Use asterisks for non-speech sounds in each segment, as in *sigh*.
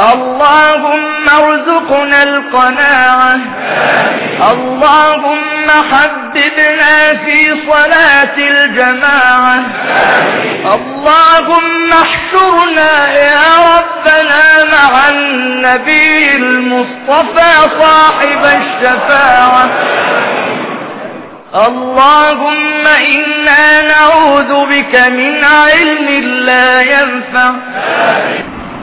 اللهم ارزقنا القناعة اللهم حببنا في صلاة الجماعة اللهم احشرنا يا ربنا مع النبي المصطفى صاحب الشفاعة اللهم إنا نعوذ بك من علم لا ينفع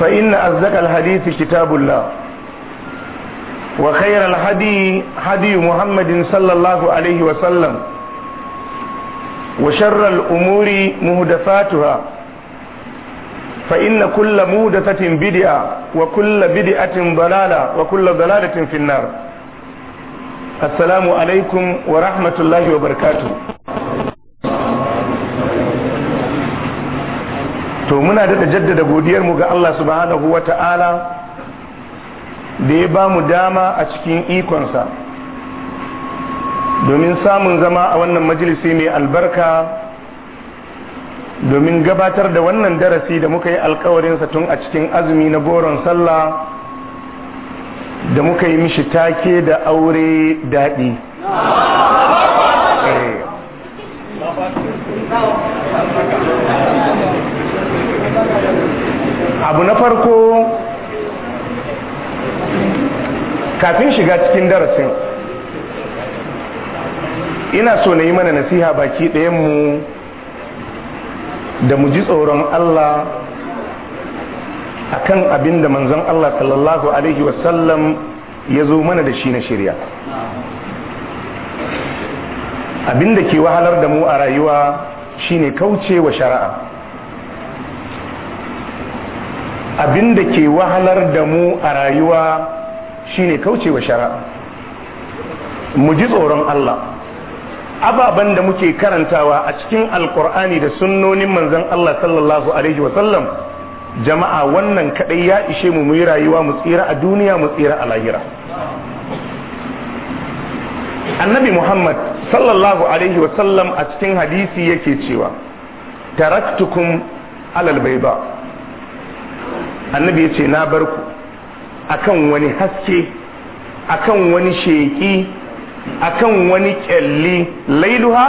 فإن أصدق الحديث كتاب الله وخير الهدي هدي محمد صلى الله عليه وسلم وشر الأمور مهدفاتها فإن كل مهدفة بدعة وكل بدعة ضلالة وكل ضلالة في النار السلام عليكم ورحمة الله وبركاته to muna daɗa jaddada godiyarmu ga Allah subhanahu wa ta'ala da ya ba mu dama a cikin ikonsa domin samun zama a wannan majalisi mai albarka domin gabatar da wannan darasi da muka yi alkawarinsa tun a cikin azumi na goron sallah da muka yi mishi take da aure daɗi eh. abu na farko kafin shiga cikin darasin ina so na yi mana nasiha baki ɗayanmu da mu ji tsoron Allah akan abin da manzon Allah sallallahu Alaihi wasallam ya zo mana da shi na shirya abin da ke wahalar da mu a rayuwa shine kauce wa shari'a abin da ke wahalar da mu a rayuwa shine kaucewa shari'a mu ji tsoron Allah ababen da muke karantawa a cikin alkur'ani da sunnonin manzon Allah sallallahu alaihi sallam jama'a wannan kadai ya ishe mu muyi rayuwa mu tsira a duniya mu tsira a lahira annabi muhammad sallallahu alaihi sallam a cikin hadisi yake cewa taraktukum alal baiba annabi ya ce na bar ku akan wani haske akan wani sheki akan wani kyalli lailuha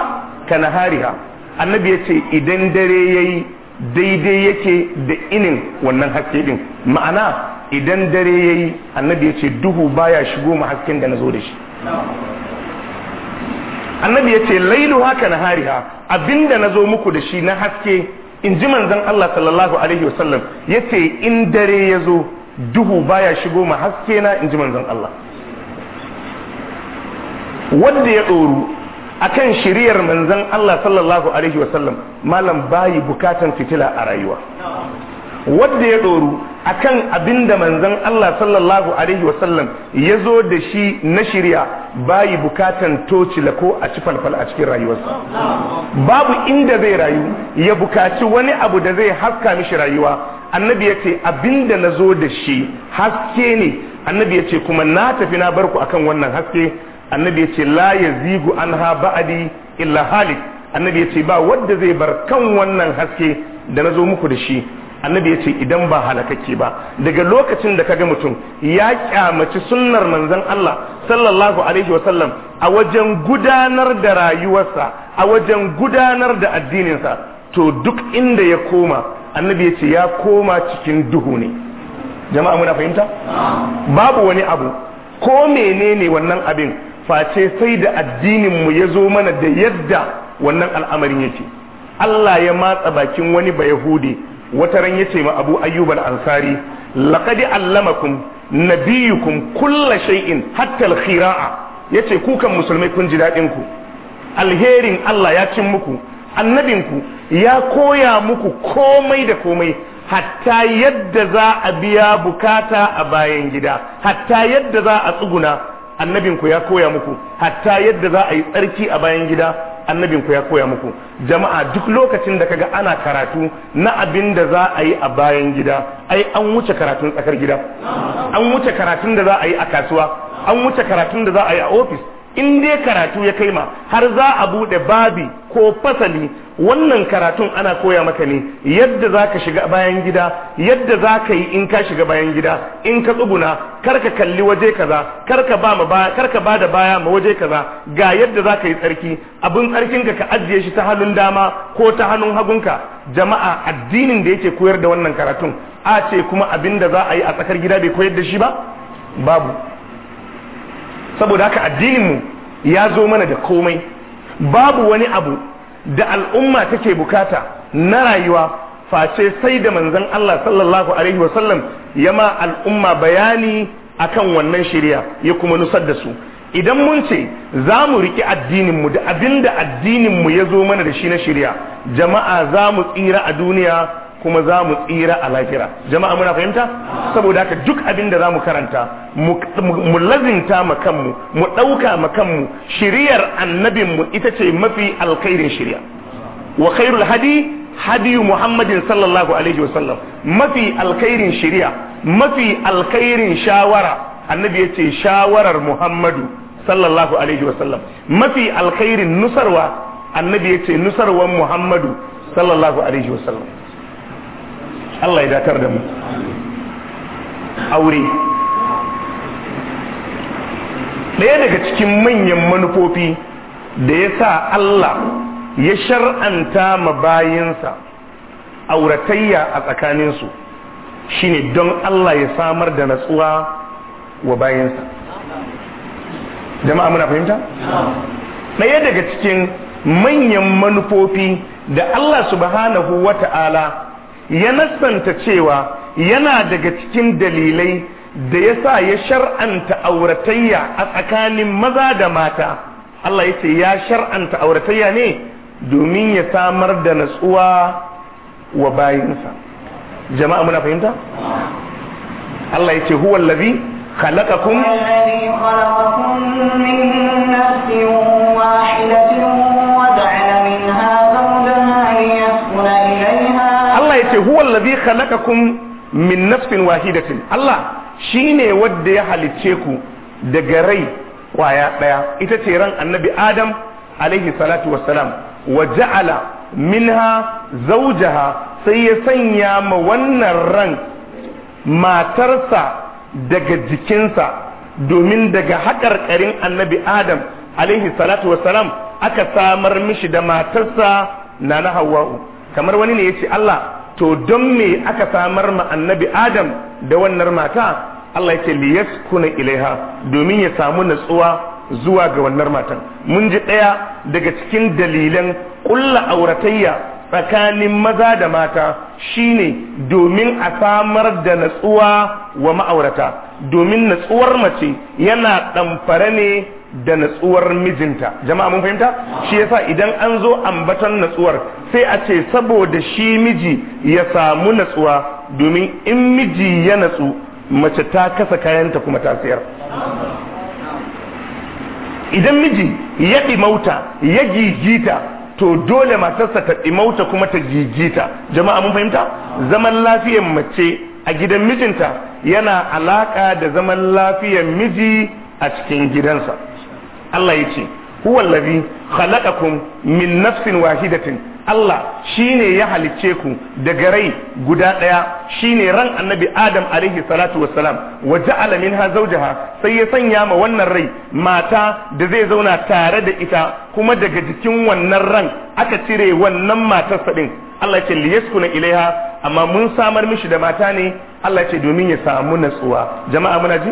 ka nahariha annabi ya ce idan dare yayi daidai yake da inin wannan haske din ma'ana idan dare yayi annabi ya ce duhu baya shigo ma hasken da nazo zo da shi annabi ya ce lailuha ka nahariha abinda na zo muku da shi na haske in ji manzan Allah sallallahu alaihi wasallam ce in dare ya zo duhu baya shigo ma haske na in ji manzan Allah wanda ya ɗoru kan shiriyar manzan Allah sallallahu alaihi wasallam malam bayi bukatan fitila a rayuwa wadda ya doru akan abinda manzon Allah sallallahu alaihi wasallam ya zo da shi na shirya bayi bukatan tocila ko a ci falfal a cikin rayuwarsa babu inda zai rayu ya bukaci wani abu da zai haska mishi rayuwa annabi ya ce abinda na zo da shi haske ne annabi ya ce kuma na tafi na barku akan wannan haske annabi ya ce la yazigu anha ba'adi illa halik annabi ya ce ba wadda zai bar kan wannan haske da na zo muku da shi annabi ya ce idan ba halakakke ba daga lokacin da kaga mutum ya kyamaci sunnar manzon Allah sallallahu alaihi wasallam a wajen gudanar da rayuwarsa a wajen gudanar da addininsa to duk inda ya koma annabi ya ce ya koma cikin duhu ne jama'a muna fahimta babu wani abu ko menene wannan abin face sai da addinin mu ya zo mana da yadda wannan al'amarin yake Allah ya matsa bakin wani ba Yahudi wata ran yace ma Abu Ayyub al-Ansari laqad allamakum nabiyukum kulla shay'in hatta al-khira'a yace ku kan musulmai kun ji dadin ku alherin Allah ya cin muku annabinku ya koya muku komai da komai hatta yadda za a biya bukata a bayan gida hatta yadda za a tsuguna annabinku ya koya muku hatta yadda za a yi tsarki a bayan gida annabin ku ya koya muku jama'a duk lokacin da kaga ana karatu na abin da za a yi a bayan gida ai an wuce karatun tsakar gida an wuce karatun da za a yi a kasuwa an wuce karatun da za a yi a ofis in dai karatu ya kai ma har za a bude babi ko fasali wannan karatun ana koya maka ne yadda za ka shiga bayan gida yadda za ka yi in ka shiga bayan gida in ka tsuguna karka kalli waje kaza karka ba ma baya ba da baya ma waje kaza ga yadda za ka yi tsarki abin tsarkinka ka ajiye shi ta hannun dama ko ta hannun hagunka jama'a addinin da yake koyar da wannan karatun a ce kuma abin da za a yi a tsakar gida bai koyar da shi ba babu saboda haka addininmu ya zo mana da komai babu wani abu da al'umma take bukata na rayuwa face sai da manzon Allah sallallahu alaihi wasallam ya ma al'umma bayani akan wannan shirya ya kuma nusar da su idan mun ce za mu riƙi addininmu da abinda addininmu ya zo mana da shi na shirya jama'a za mu tsira a duniya kuma za mu tsira a lahira jama'a muna fahimta saboda haka duk abin da za mu karanta mu lazinta ma kanmu mu ɗauka ma kanmu shiriyar annabinmu ita ce mafi alkhairin shiriya wa khairul hadi hadi muhammadin sallallahu alaihi wasallam mafi alkhairin shiriya mafi alkhairin shawara annabi ya ce shawarar muhammadu sallallahu alaihi wasallam mafi alkhairin nusarwa annabi ya ce nusarwar muhammadu sallallahu alaihi wasallam Allah ya datar da mu aure ɗaya daga cikin manyan manufofi da ya sa Allah ya shar'anta ma bayansa auratayya a tsakaninsu shine don Allah ya samar da natsuwa wa bayansa jama'a muna fahimta? ɗaya daga cikin manyan manufofi da Allah subhanahu wa ta'ala ya nasanta cewa yana daga cikin dalilai da ya sa ya shar'anta auratayya a tsakanin maza da mata Allah ya ce ya shar'anta auratayya ne domin ya samar da natsuwa wa bayinsa jama'a muna fahimta Allah ya ce huwa allazi khalaqakum min nafsin wahid ce huwa allazi khalaqakum min nafsin wahidatin Allah shine wanda ya halicce ku daga rai kwaya daya ita ce ran annabi Adam alaihi salatu wassalam wa ja'ala minha zawjaha sai ya sanya ma wannan ran matarsa daga jikinsa domin daga haƙarƙarin annabi Adam alaihi salatu wassalam aka samar mishi da matarsa na na Hawwa'u kamar wani ne ya ce Allah to don me aka samar ma annabi adam da wannan mata Allah ya ce liyaskuna ilaiha domin ya samu natsuwa zuwa ga wannan matan mun ji ɗaya daga cikin dalilan ƙulla auratayya tsakanin maza da mata shine domin a samar da natsuwa wa ma'aurata domin natsuwar mace yana ɗamfare ne da natsuwar mijinta jama'a mun fahimta shi yasa idan an zo ambatan natsuwar sai a ce saboda shi miji ya samu natsuwa domin in miji ya natsu mace ta kasa kayanta kuma ta sayar idan miji ya mauta ya gigita to dole matarsa ta ɗimauta kuma ta gigita jama'a mun fahimta zaman lafiyar mace a gidan mijinta yana alaƙa da zaman lafiyar miji a cikin gidansa Allah ya ce ku allazi khalaqakum min nafsin wahidatin Allah shi ne ya halicce ku daga rai guda shi shine ran annabi Adam alaihi salatu wassalam wa ja'ala minha zawjaha sai ya sanya ma wannan rai mata da zai zauna tare da ita kuma daga jikin wannan ran aka cire wannan matar din Allah ce liyaskuna ilaiha amma mun samar mishi da mata ne Allah ce domin ya samu natsuwa jama'a muna ji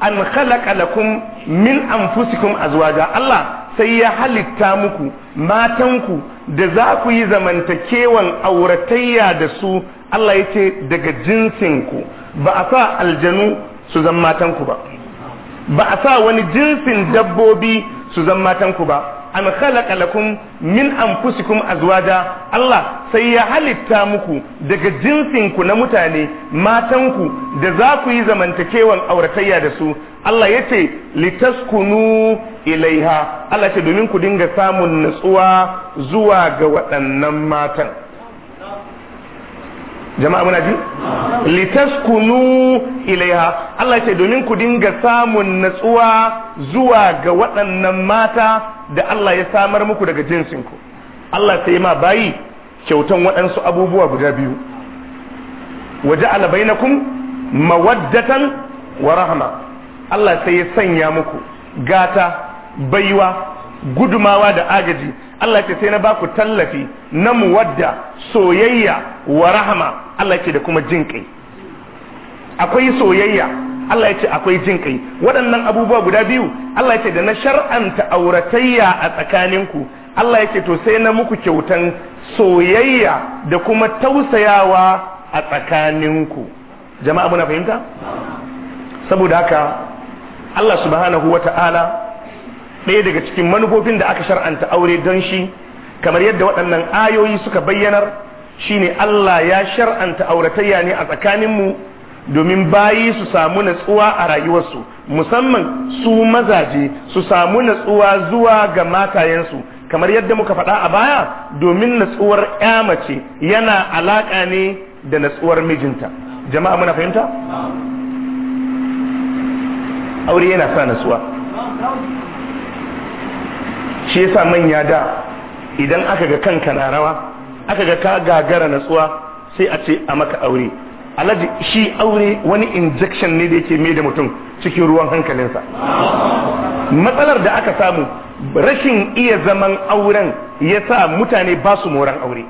an khalaqa lakum min anfusikum azwaja Allah sai ya halitta muku matanku da za ku yi zamantakewan auratayya da su Allah ya ce daga jinsinku ba a sa aljanu su zan matanku ba ba a sa wani jinsin dabbobi su zan matanku ba an khalaqa lakum min anfusikum azwaja Allah sai ya halitta muku daga jinsin ku na mutane matan ku da za ku yi zamantakewan auratayya da su Allah yace litaskunu ilaiha Allah ce domin ku dinga samun natsuwa zuwa ga waɗannan matan jama'a muna ji litaskunu ilaiha Allah ce domin ku dinga samun natsuwa zuwa ga waɗannan mata da Allah ya samar muku daga jinsinku Allah sai ma bayi kyautan waɗansu abubuwa guda biyu waje albainakun mawaddatan wa rahama Allah sai ya sanya muku gata baiwa gudumawa da agaji Allah ce sai na baku tallafi na muwadda soyayya wa rahama Allah ce da kuma jinƙai akwai soyayya Allah ya ce akwai jin kai waɗannan abubuwa guda biyu Allah ya ce da na shar'anta auratayya a tsakaninku Allah ya ce to sai na muku kyautan soyayya da kuma tausayawa a tsakaninku jama'a muna fahimta saboda haka Allah subhanahu wata'ala ɗaya daga cikin manufofin da aka shar'anta aure don shi kamar yadda waɗannan ayoyi suka bayyanar shine Allah ya shar'anta auratayya ne a tsakaninmu domin bayi su samu natsuwa a rayuwarsu musamman su mazaje su samu natsuwa zuwa ga matayensu kamar yadda muka faɗa a baya domin natsuwar ya mace yana alaƙa ne da natsuwar mijinta jama'a muna fahimta aure yana sa natsuwa shi yasa manya da idan aka ga kanka na rawa aka ga ka gagara natsuwa sai a ce a maka aure alhaji shi aure wani injection ne da yake mai da mutum cikin ruwan hankalinsa matsalar da aka samu rashin iya zaman auren ya sa mutane ba su moran aure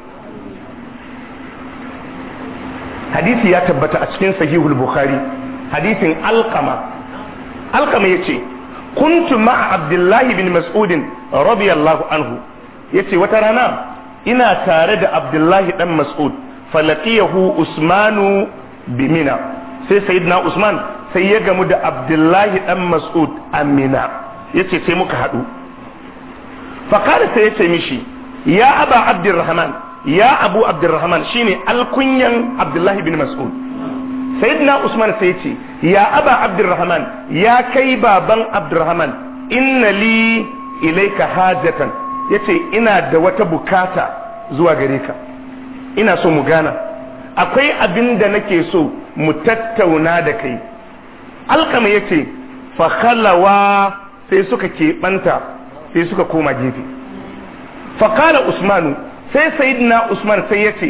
hadisi ya tabbata a cikin sahihul bukhari hadisin alkama alkama ya ce kuntu ma'a abdullahi bin mas'udin radiyallahu anhu ya ce wata rana ina tare da abdullahi dan mas'ud falaqiyahu usmanu Mina sai sayyidina usman sai ya gamu da abdullahi dan mas'ud amina yace sai muka hadu faqala sai yace mishi ya aba abdurrahman ya abu abdurrahman shine alkunyan abdullahi bin mas'ud sayyidina usman sai yace ya aba abdurrahman ya kai baban abdurrahman inna li ilaika hajatan yace ina da wata bukata zuwa gare ka ina so mu gana akwai abin da nake so mu tattauna da kai alkama ya ce fakhalawa sai suka keɓanta sai suka koma gefe fakala usmanu sai sayidina usman sai ya ce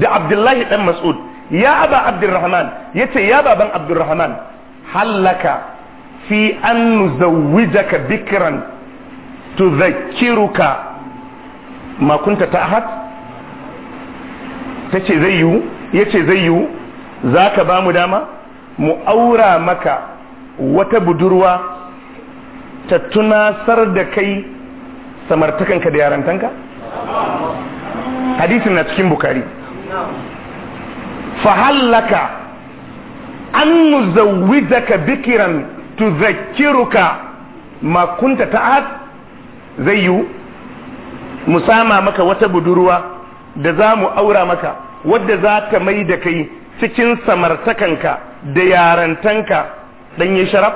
da abdullahi dan mas'ud ya aba abdurrahman ya ce ya baban abdurrahman hallaka fi an nuzawwijaka bikran tuzakkiruka makunta ta ta'had ta ce zai yiwu ya ce zai yiwu za ka ba mu dama mu aura maka wata budurwa ta tunasar da kai samartakanka da yarantanka hadisin na cikin bukari fahallaka an nuzawwijaka bikiran tuzakiruka makunta kunta ta'at zai yiwu musama maka wata budurwa da za mu aura maka wadda za ta mai da kai cikin samartakanka da yarantanka yi sharaf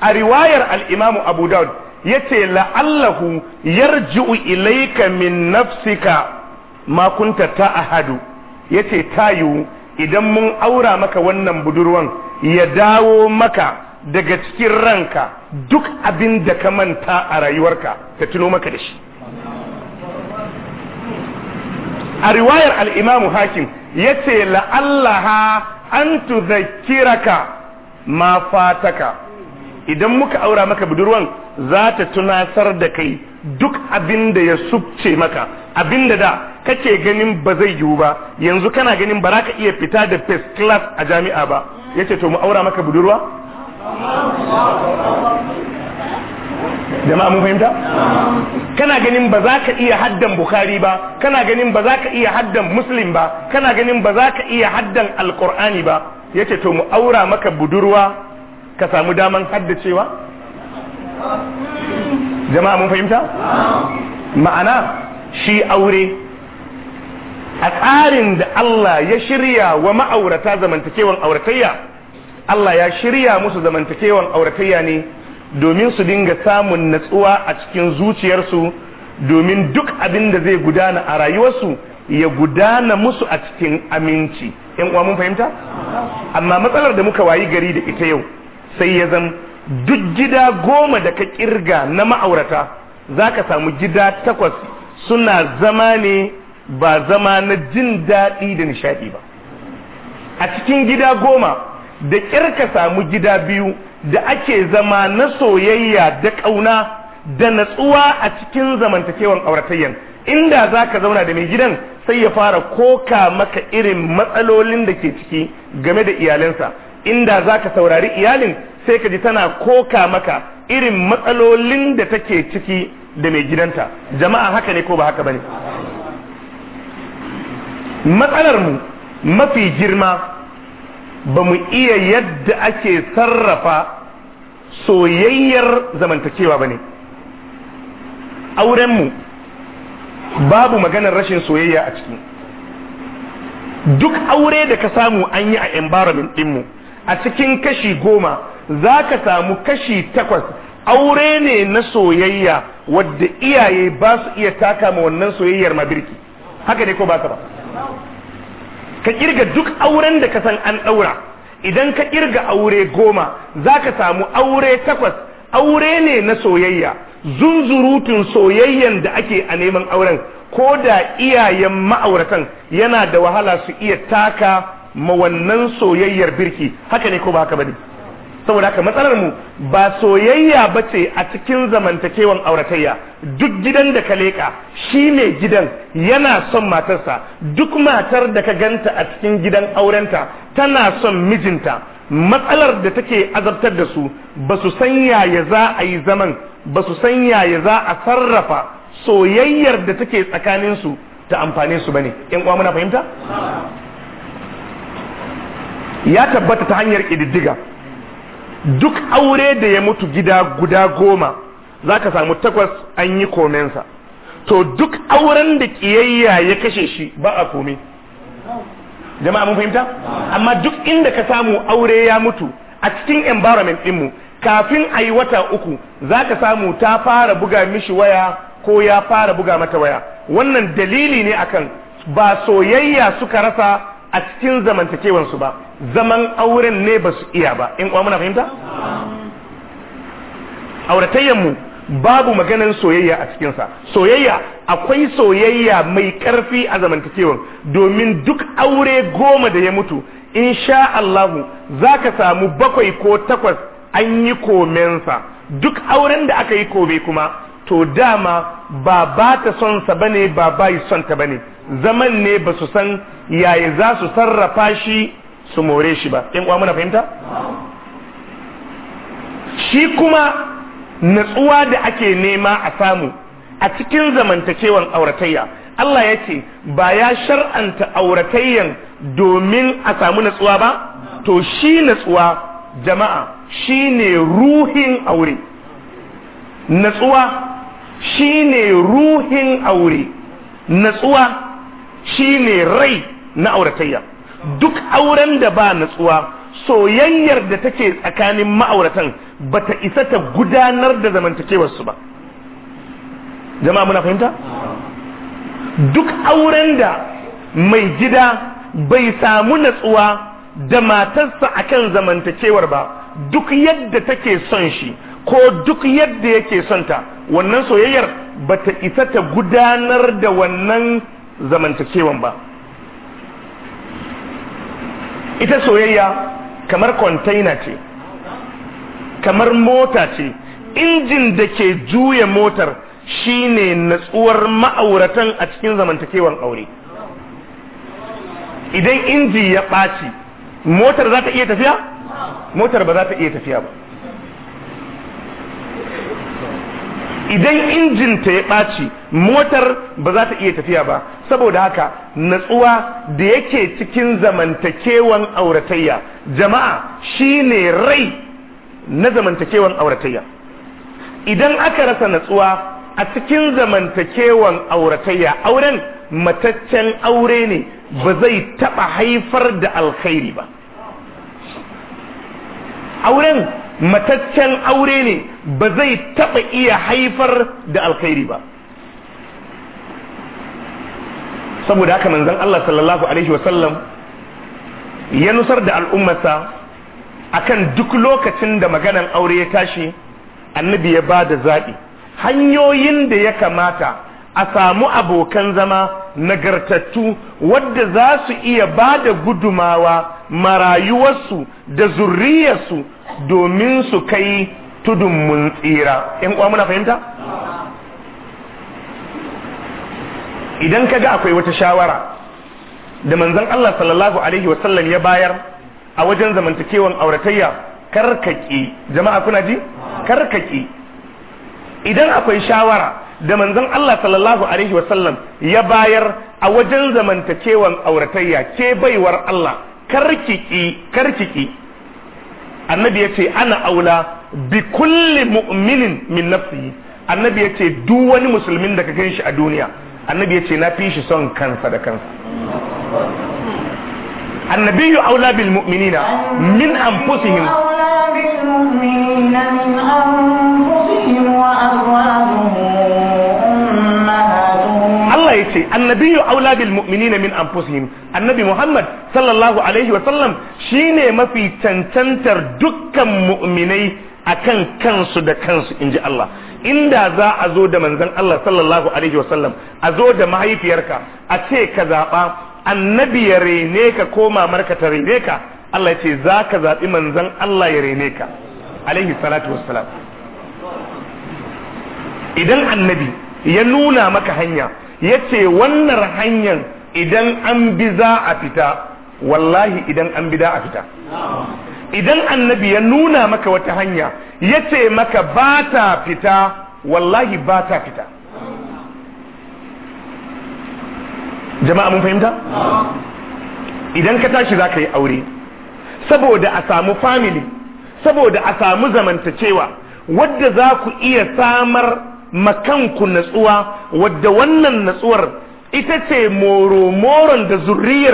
a riwayar al'imamu abu daud ya ce la'allahu yarji'u ilaika min nafsika makunta ta ahadu ya ce tayu idan mun aura maka wannan budurwan ya dawo maka daga cikin ranka duk abin da ka manta a rayuwarka ta tuno maka da shi a riwayar al-imamu hakim yace la'allaha an zakiraka ma fataka idan muka aura maka budurwan za ta tunasar da kai duk abin da ya subce maka abin da da kake ganin ba zai yiwu ba yanzu kana ganin ba ka iya fita da first class a jami'a ba ya ce to mu aura maka budurwa jama'a mun fahimta kana ganin ba za ka iya haddan bukhari ba kana ganin ba za ka iya haddan muslim ba kana ganin ba za ka iya haddan alqur'ani ba yace to mu aura maka budurwa ka samu daman haddacewa jama'a mun fahimta ma'ana shi aure a tsarin da Allah ya shirya wa ma'aurata zamantakewan auratayya Allah ya shirya musu zamantakewan auratayya ne domin su dinga samun natsuwa a cikin zuciyarsu domin duk abin da zai gudana a rayuwarsu ya gudana musu a cikin aminci in uwa mun fahimta amma matsalar da muka wayi gari da ita yau sai ya zan duk gida goma da ka kirga na ma'aurata za ka samu gida takwas suna zama ne ba zama na jin daɗi da nishaɗi ba a cikin gida goma da kirka samu gida biyu da ake zama na soyayya da ƙauna da natsuwa a cikin zamantakewan auratayyan inda za ka zauna da mai gidan sai ya fara koka maka irin matsalolin da ke ciki game da iyalinsa inda za ka saurari iyalin sai ka ji tana koka maka irin matsalolin da take ciki da mai gidanta jama'a haka ne ko ba haka ba ne matsalarmu mafi girma ba mu iya yadda ake sarrafa soyayyar zamantakewa ba ne aurenmu babu maganar rashin soyayya a ciki duk aure da ka samu an yi a environment ɗinmu a cikin kashi goma za ka samu kashi takwas aure ne na soyayya wadda iyaye ba su iya taka ma wannan soyayyar mabirki haka ne ko ba ka ba ka kirga duk auren da ka san an daura idan ka kirga aure goma za ka samu aure takwas aure ne na soyayya zunzurutun soyayyan da ake a neman auren ko da iyayen ma'auratan yana da wahala su iya taka ma wannan soyayyar birki haka ne ko ba haka bane saboda haka matsalar mu ba soyayya ba ce a cikin zamantakewan auratayya duk gidan da ka leƙa shi ne gidan yana son matarsa duk matar da ka ganta a cikin gidan aurenta tana son mijinta matsalar da take azabtar da su ba su san yaya za a yi zaman ba su san yaya za a sarrafa soyayyar da take tsakaninsu ta amfane su ba yan muna fahimta ya tabbata ta hanyar ƙididdiga duk aure da ya mutu gida guda goma za ka samu takwas an yi komensa to duk auren da ƙiyayya ya kashe shi ba a jama'a mun fahimta amma duk inda ka samu aure ya mutu a cikin environment dinmu kafin a yi wata uku za ka samu ta fara buga mishi waya ko ya fara buga mata waya wannan dalili ne akan ba soyayya suka rasa a cikin zamantakewansu ba zaman auren ne ba su iya ba in kuwa muna fahimta auratayyanmu babu maganan soyayya a cikinsa soyayya akwai soyayya mai karfi a zamantakewan domin duk aure goma da ya mutu insha Allahu za ka samu bakwai ko takwas an yi komensa duk auren da aka yi kome kuma to dama ba ba ta son sa bane ba ba yi son ta bane zaman ne ba su san yaya za su sarrafa shi su more shi ba in uwa muna fahimta shi kuma natsuwa da ake nema a samu a cikin zamantakewan auratayya Allah ya ce ba ya shar'anta auratayyan domin a samu natsuwa ba to shi natsuwa jama'a shi ne ruhin aure natsuwa Shi ne ruhin aure natsuwa shi ne rai na auratayya duk auren da ba natsuwa soyayyar da take tsakanin ma'auratan ba ta isa ta gudanar da zamantakewarsu ba jama'a muna fahimta duk auren da mai gida bai samu natsuwa da matarsa a kan zamantakewar ba duk yadda take son shi ko duk yadda yake son ta wannan soyayyar ba ta isa ta gudanar da wannan zamantakewan ba ita soyayya kamar kwantaina ce kamar mota ce injin da ke juya motar shine natsuwar ma'auratan a cikin zamantakewan aure idan inji ya ɓaci motar za ta iya tafiya motar ba za ta iya tafiya ba idan injin ta ya ɓaci motar ba za ta iya tafiya ba saboda haka natsuwa da yake cikin zamantakewan auratayya jama'a shine rai na zamantakewan auratayya idan aka rasa natsuwa a cikin zamantakewan auratayya auren mataccen aure ne ba zai taɓa haifar da alkhairi ba auren mataccen aure ne ba zai taɓa iya haifar da alkhairi ba saboda haka manzon Allah sallallahu alaihi wasallam ya nusar da al'ummarsa akan duk lokacin da maganan aure ya tashi annabi ya ba da zaɓi hanyoyin da ya kamata a samu abokan zama nagartattu wadda za su iya ba da gudumawa marayuwarsu da zurriyarsu domin su kai tudun mun tsira ‘yan uwa muna fahimta? idan ka ga akwai wata shawara da manzan Allah sallallahu Alaihi wasallam ya bayar a wajen zamantakewan auratayya karkaki jama'a kuna ji? karkaki idan akwai shawara da manzon Allah sallallahu alaihi wasallam ya bayar a wajen zamantakewan auratayya ke baiwar Allah karkiki karkiki annabi yace ana aula bi kulli mu'minin min nafsihi annabi yace duk wani musulmin da ka gan shi a duniya annabi yace na fi shi son kansa da kansa النبي أولى بالمؤمنين من أنفسهم أولى بالمؤمنين من أنفسهم وأزواجهم Allah ya ce annabiyyu aula bil mu'minina min anfusihim annabi Muhammad sallallahu alaihi wa sallam shine mafi cancantar dukkan mu'minai akan kansu da kansu inji Allah inda za a zo da manzon Allah sallallahu alaihi wa sallam a zo da mahaifiyarka a ce ka zaba annabi ya rene ka ko mamarka ta rene ka Allah ya ce za ka zaɓi manzon Allah ya rene ka alaihi salatu wassalam idan annabi ya nuna maka hanya yace wannan hanyar idan an bi za a fita wallahi idan an bi da a fita idan annabi ya nuna maka wata hanya yace maka ba ta fita wallahi ba ta fita jama'a mun fahimta idan ka tashi za ka yi aure saboda a samu family saboda a samu zamantacewa wadda za ku iya samar makanku natsuwa wadda wannan natsuwar ita ce moro-moron da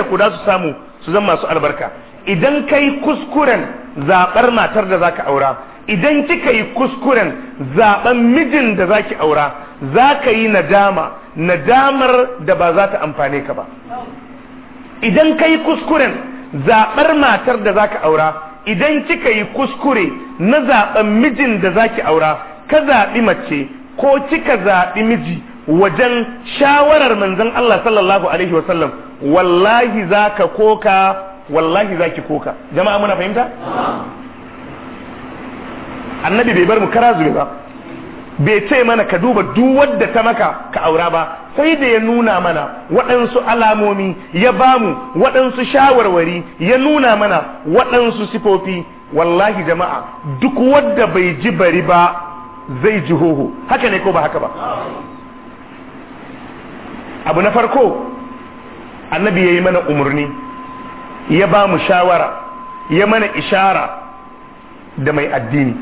ku da su samu su zama masu albarka idan ka kuskuren zaɓar matar da za ka aura idan kika yi kuskuren zaɓen mijin da za ki aura za ka yi nadama nadamar da ba za ta amfane ka ba idan ka kuskuren zaɓar matar da za ka aura idan kika yi kuskure na zaɓen mijin da za ki aura ka zaɓi mace ko kika zaɓi miji wajen shawarar manzon Allah sallallahu alaihi wasallam wallahi ka koka wallahi ki koka jama'a muna fahimta annabi bai bar mu kara ba bai ce mana ka duba duk wadda ta maka ka aura ba sai da ya nuna mana waɗansu alamomi ya bamu waɗansu shawarwari ya nuna mana waɗansu sifofi wallahi jama'a duk wadda bai ji bari ba zai ji haka ne ko ba haka ba abu na farko annabi ya yi mana umarni ya ba mu shawara ya mana ishara da mai addini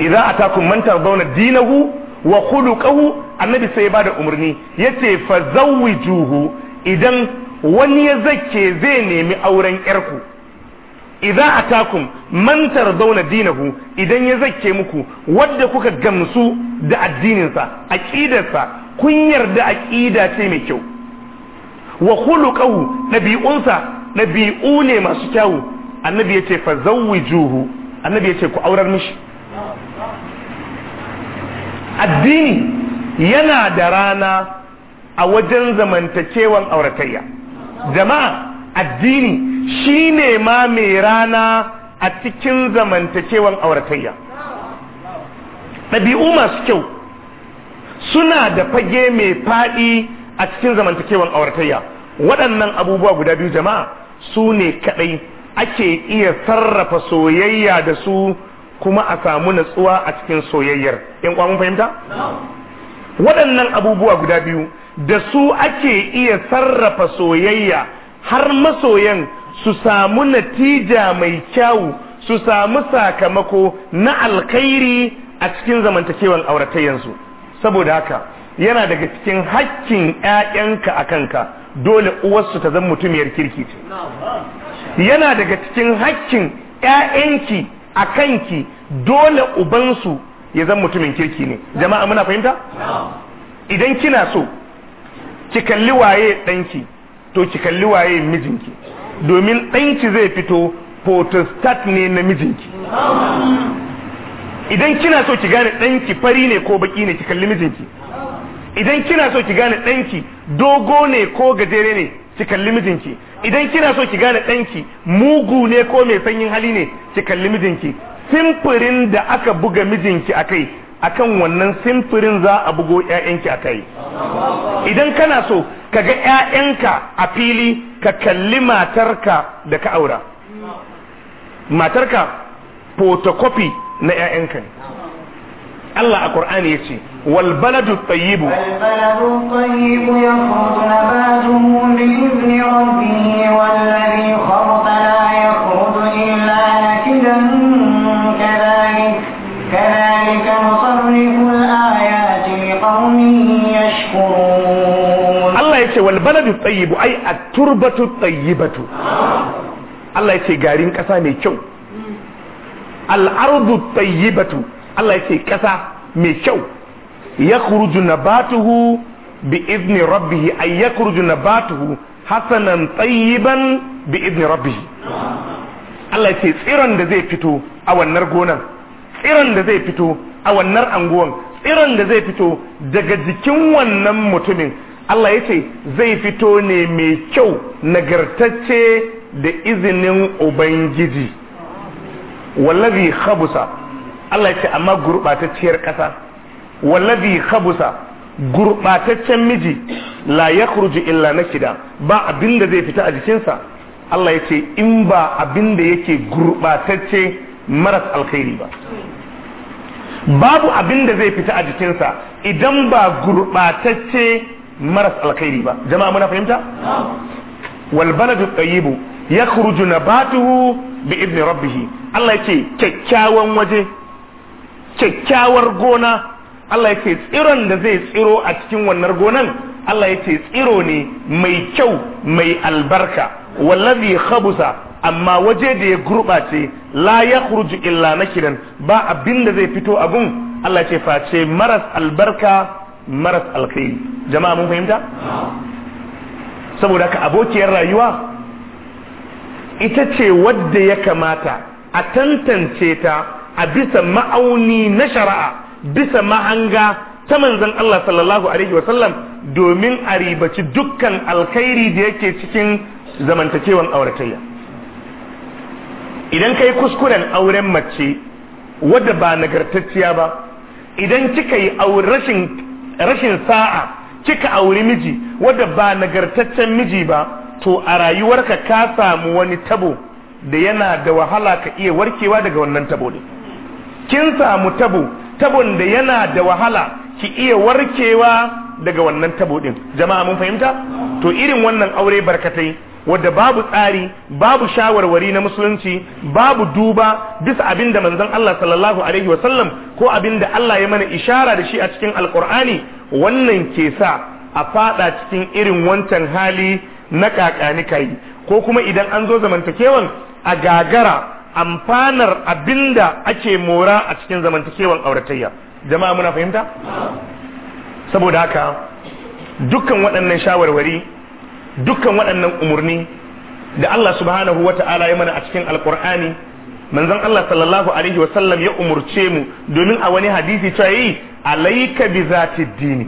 idan a takun manta zauna dinahu wa khuluqahu annabi sai ya da umarni yace fa zawwijuhu idan wani ya zake zai nemi auren yarku idza atakum man tardawna dinahu idan ya zakke muku wadda kuka gamsu da addinin sa aqidarsa kun yarda aqida ce mai kyau wa khuluquhu nabi'unsa nabi'u ne masu kyau annabi yace fa zawwijuhu annabi yace ku aurar mishi addini yana da rana a wajen zamantakewan auratayya jama'a addini shi ne ma mai rana a cikin zamantakewan auratayya ɗabi'u masu kyau suna da fage mai faɗi a cikin zamantakewan auratayya waɗannan abubuwa guda biyu jama'a su ne kaɗai ake iya sarrafa soyayya da su kuma a samu natsuwa a cikin soyayyar Yan mun fahimta waɗannan abubuwa guda biyu da su ake iya sarrafa soyayya har masoyan su samu natija mai kyawu su samu sakamako na alkhairi a cikin zamantakewan auratayyansu saboda haka yana daga cikin hakkin ƴaƴanka a kanka dole uwarsu ta zama mutumiyar kirki ce yana daga cikin hakkin ƴaƴanki a kanki dole ubansu ya zama mutumin kirki ne jama'a muna fahimta idan kina so ki kalli waye ɗanki to ki kalli waye mijinki domin ɗanki zai fito protestant ne na mijinki idan kina so ki gane ɗanki fari ne ko baki ne ki kalli mijinki idan kina so ki gane ɗanki dogo ne ko gajere ne ki kalli mijinki idan kina so ki gane ɗanki mugu ne ko mai sanyin hali ne ki kalli mijinki simfirin da aka buga mijinki akai akan wannan simfirin za a bugo ƴaƴanki a kai idan kana so ka ga ƴaƴanka a fili ka kalli matarka da ka aura matarka photocopy na ƴaƴanka Allah a ya Qur'ani yace wal baladu tayyibu ya baladu tayyibu yakhruju nabatuhu bi idni rabbih wal ladhi khabata la yakhruju illa nakidan ce wal baladu tayyibu ai at turbatu tayyibatu Allah ya ce garin kasa mai kyau al ardu tayyibatu Allah ya ce kasa mai kyau yakhruju nabatuhu bi idni rabbih ay yakhruju nabatuhu hasanan tayyiban bi idni rabbih Allah ya ce tsiron da zai fito a wannan gonan tsiron da zai fito a wannan anguwan tsiron da zai fito daga jikin wannan mutumin Allah ya ce zai fito ne mai kyau nagartacce da izinin ubangiji wallazi khabusa Allah ya ce amma gurɓatacciyar ƙasa wallazi khabusa gurɓataccen miji la ya illa na shida ba abin da zai fita a jikinsa Allah ya ce in ba abinda da yake gurɓatacce maras alkhairi ba babu abinda zai fita a jikinsa idan ba gurɓatacce maras alkhairi ba jama'a muna fahimta wal baladu tayyibu yakhruju nabatuhu bi idni rabbih Allah yake kyakkyawan waje kyakkyawar gona Allah yake tsiron da zai tsiro a cikin wannan gonan Allah yake tsiro ne mai kyau mai albarka wallazi khabusa amma waje da ya gurɓace la yakhruju illa nakiran ba abin da zai fito abun Allah ce face maras albarka maras alkhairi jama'a mun fahimta saboda ka abokiyar rayuwa ita ce wadda ya kamata a tantance ta a bisa ma'auni na shari'a bisa mahanga ta manzon Allah sallallahu alaihi wasallam domin a ribaci dukkan alkhairi da yake cikin zamantakewan auratayya idan kai kuskuren auren mace wadda ba nagartacciya ba idan kika yi rashin rashin sa'a kika auri miji wadda ba nagartaccen miji ba to a rayuwarka ka samu wani tabo da yana da wahala ka iya warkewa daga wannan tabo ne kin samu tabo tabon da yana da wahala ki iya warkewa daga wannan tabo din jama'a mun fahimta to irin wannan aure barkatai wadda babu tsari babu shawarwari na musulunci babu duba bisa abin da manzon Allah sallallahu alaihi wasallam ko abin da Allah ya mana ishara da shi a cikin alkur'ani wannan ke sa a fada cikin irin wancan hali na kakani kai ko kuma idan an zo zamantakewan a gagara amfanar abinda ake mora a cikin zamantakewan auratayya jama'a muna fahimta saboda haka dukkan waɗannan shawarwari dukkan waɗannan umarni da Allah subhanahu wa ta'ala ya mana a cikin alkur'ani manzon Allah sallallahu alaihi wa sallam ya umurce mu domin a wani hadisi ta yi alaika bi zati dini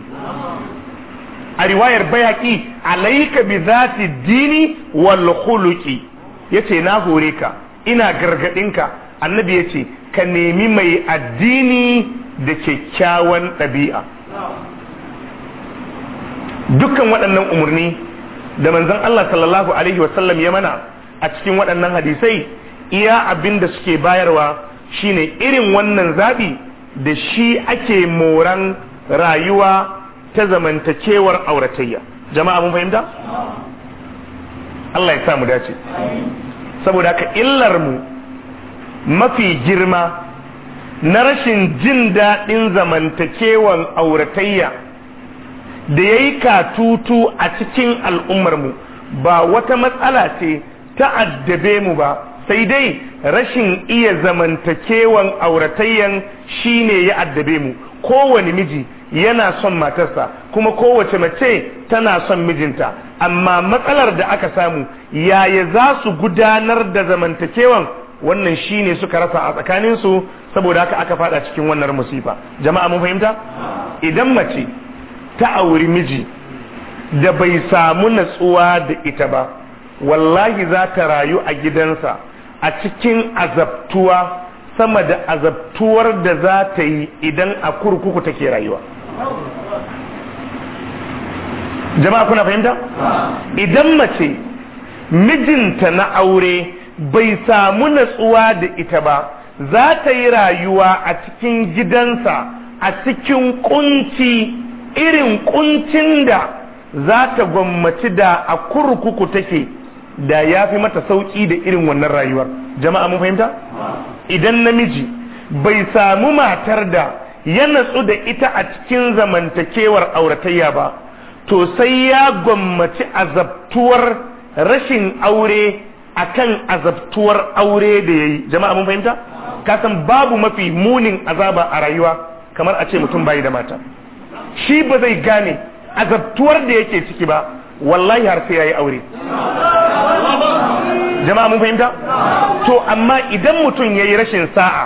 a riwayar bayaki alaika bi zati dini wal khuluqi yace na hore ka ina gargadin ka. annabi yace ka nemi mai addini da kyakkyawan ɗabi'a dukkan waɗannan umarni da manzon Allah sallallahu alaihi wasallam ya mana a cikin waɗannan hadisai iya abin da suke bayarwa shine irin wannan zaɓi da shi ake moran rayuwa ta zamantakewar auratayya jama'a mun fahimta Allah ya sa mu dace saboda ka illar mu mafi girma na rashin jin daɗin zamantakewar auratayya da ya yi katutu a cikin al'ummarmu ba wata matsala ce ta addabe mu ba sai dai rashin iya zamantakewan auratayyan shi ne ya addabe mu kowane miji yana son matarsa kuma kowace mace tana son mijinta amma matsalar da aka samu yaya za su gudanar da zamantakewan wannan shi ne suka rasa a tsakaninsu saboda haka aka fada cikin wannan musifa jama'a mun fahimta idan mace ta auri miji da bai samu natsuwa da ita ba wallahi za ta rayu a gidansa a cikin azabtuwa sama da azabtuwar da za ta yi idan a kurkuku take rayuwa jama'a kuna fahimta idan mace mijinta na aure bai samu natsuwa da ita ba za ta yi rayuwa a cikin gidansa a cikin kunci irin kuncin da za ta gwammaci da a kurkuku take da ya fi mata sauki da irin wannan rayuwar jama'a mun fahimta idan namiji bai samu matar da ya natsu da ita a cikin zamantakewar auratayya ba to sai ya gwammaci azabtuwar rashin aure akan azabtuwar aure da ya yi jama'a mun fahimta kasan babu mafi munin azaba a rayuwa kamar a ce mutum bayi da mata shi ba zai gane azabtuwar da yake ciki ba wallahi har sai yayi aure jama'a mun fahimta to amma idan mutum yayi rashin sa'a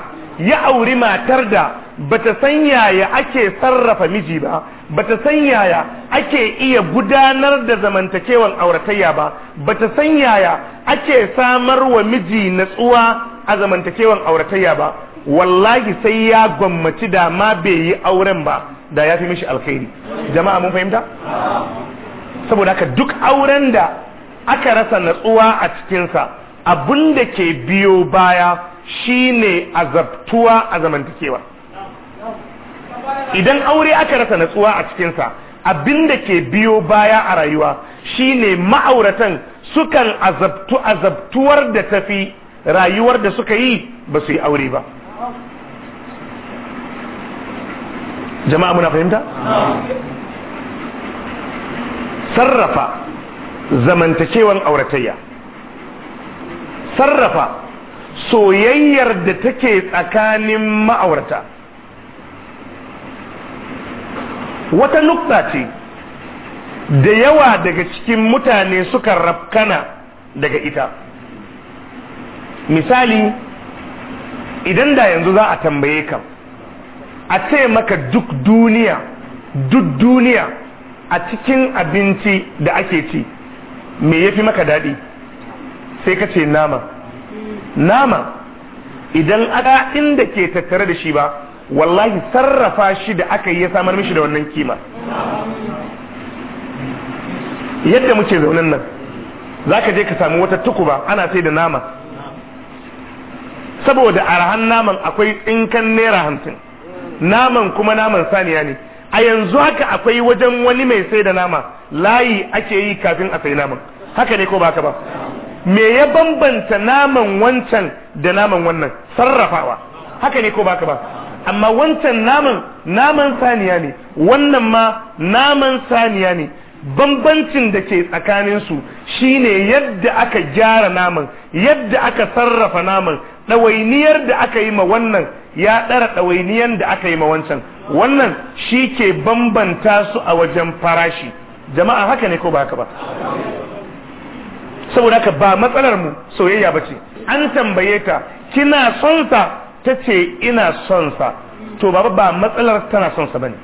ya auri matar da bata san yaya ake sarrafa miji ba bata san yaya ake iya gudanar da zamantakewan auratayya ba bata san yaya ake samar wa miji natsuwa a zamantakewan auratayya ba wallahi sai ya gwammaci da ma bai yi auren ba da ya fi mishi alkhairi jama'a mun fahimta saboda haka duk auren da aka rasa natsuwa a cikinsa abin da ke biyo baya shine azabtuwa a zamantakewa idan aure aka rasa natsuwa a cikinsa abin da ke biyo baya a rayuwa shine ma'auratan sukan azabtu azabtuwar da tafi rayuwar da suka yi ba su yi aure ba jama'a muna fahimta sarrafa zamantakewan auratayya sarrafa soyayyar da take tsakanin ma'aurata wata nukta ce da yawa daga cikin mutane suka rafkana daga ita misali idan da yanzu za a tambaye ka a ce maka duk duniya duk duniya a cikin abinci da ake ci me ya fi maka daɗi sai ka ce nama nama idan aka inda ke tattare da shi ba wallahi sarrafa shi da aka yi ya samar mishi da wannan kima yadda muke zaunan nan za ka je ka samu wata tukuba ana sai da nama saboda arahan naman akwai tsinkan naira hamsin naman kuma naman saniya ne a yanzu haka akwai wajen wani mai sai da nama layi ake yi kafin a sai naman haka ne ko ba haka ba me ya bambanta naman wancan da naman wannan sarrafawa haka ne ko ba haka ba amma wancan naman naman saniya ne wannan ma naman saniya ne bambancin da ke tsakaninsu shine yadda aka gyara naman yadda aka sarrafa naman ɗawainiyar da aka yi ma wannan ya ɗara ɗawainiyan da aka yi ma wancan wannan shi ke bambanta su a wajen farashi jama'a haka ne ko ba haka ba saboda haka ba matsalar mu soyayya ba ce an tambaye ta kina son sa ta ce ina son sa to baba ba matsalar tana son sa bane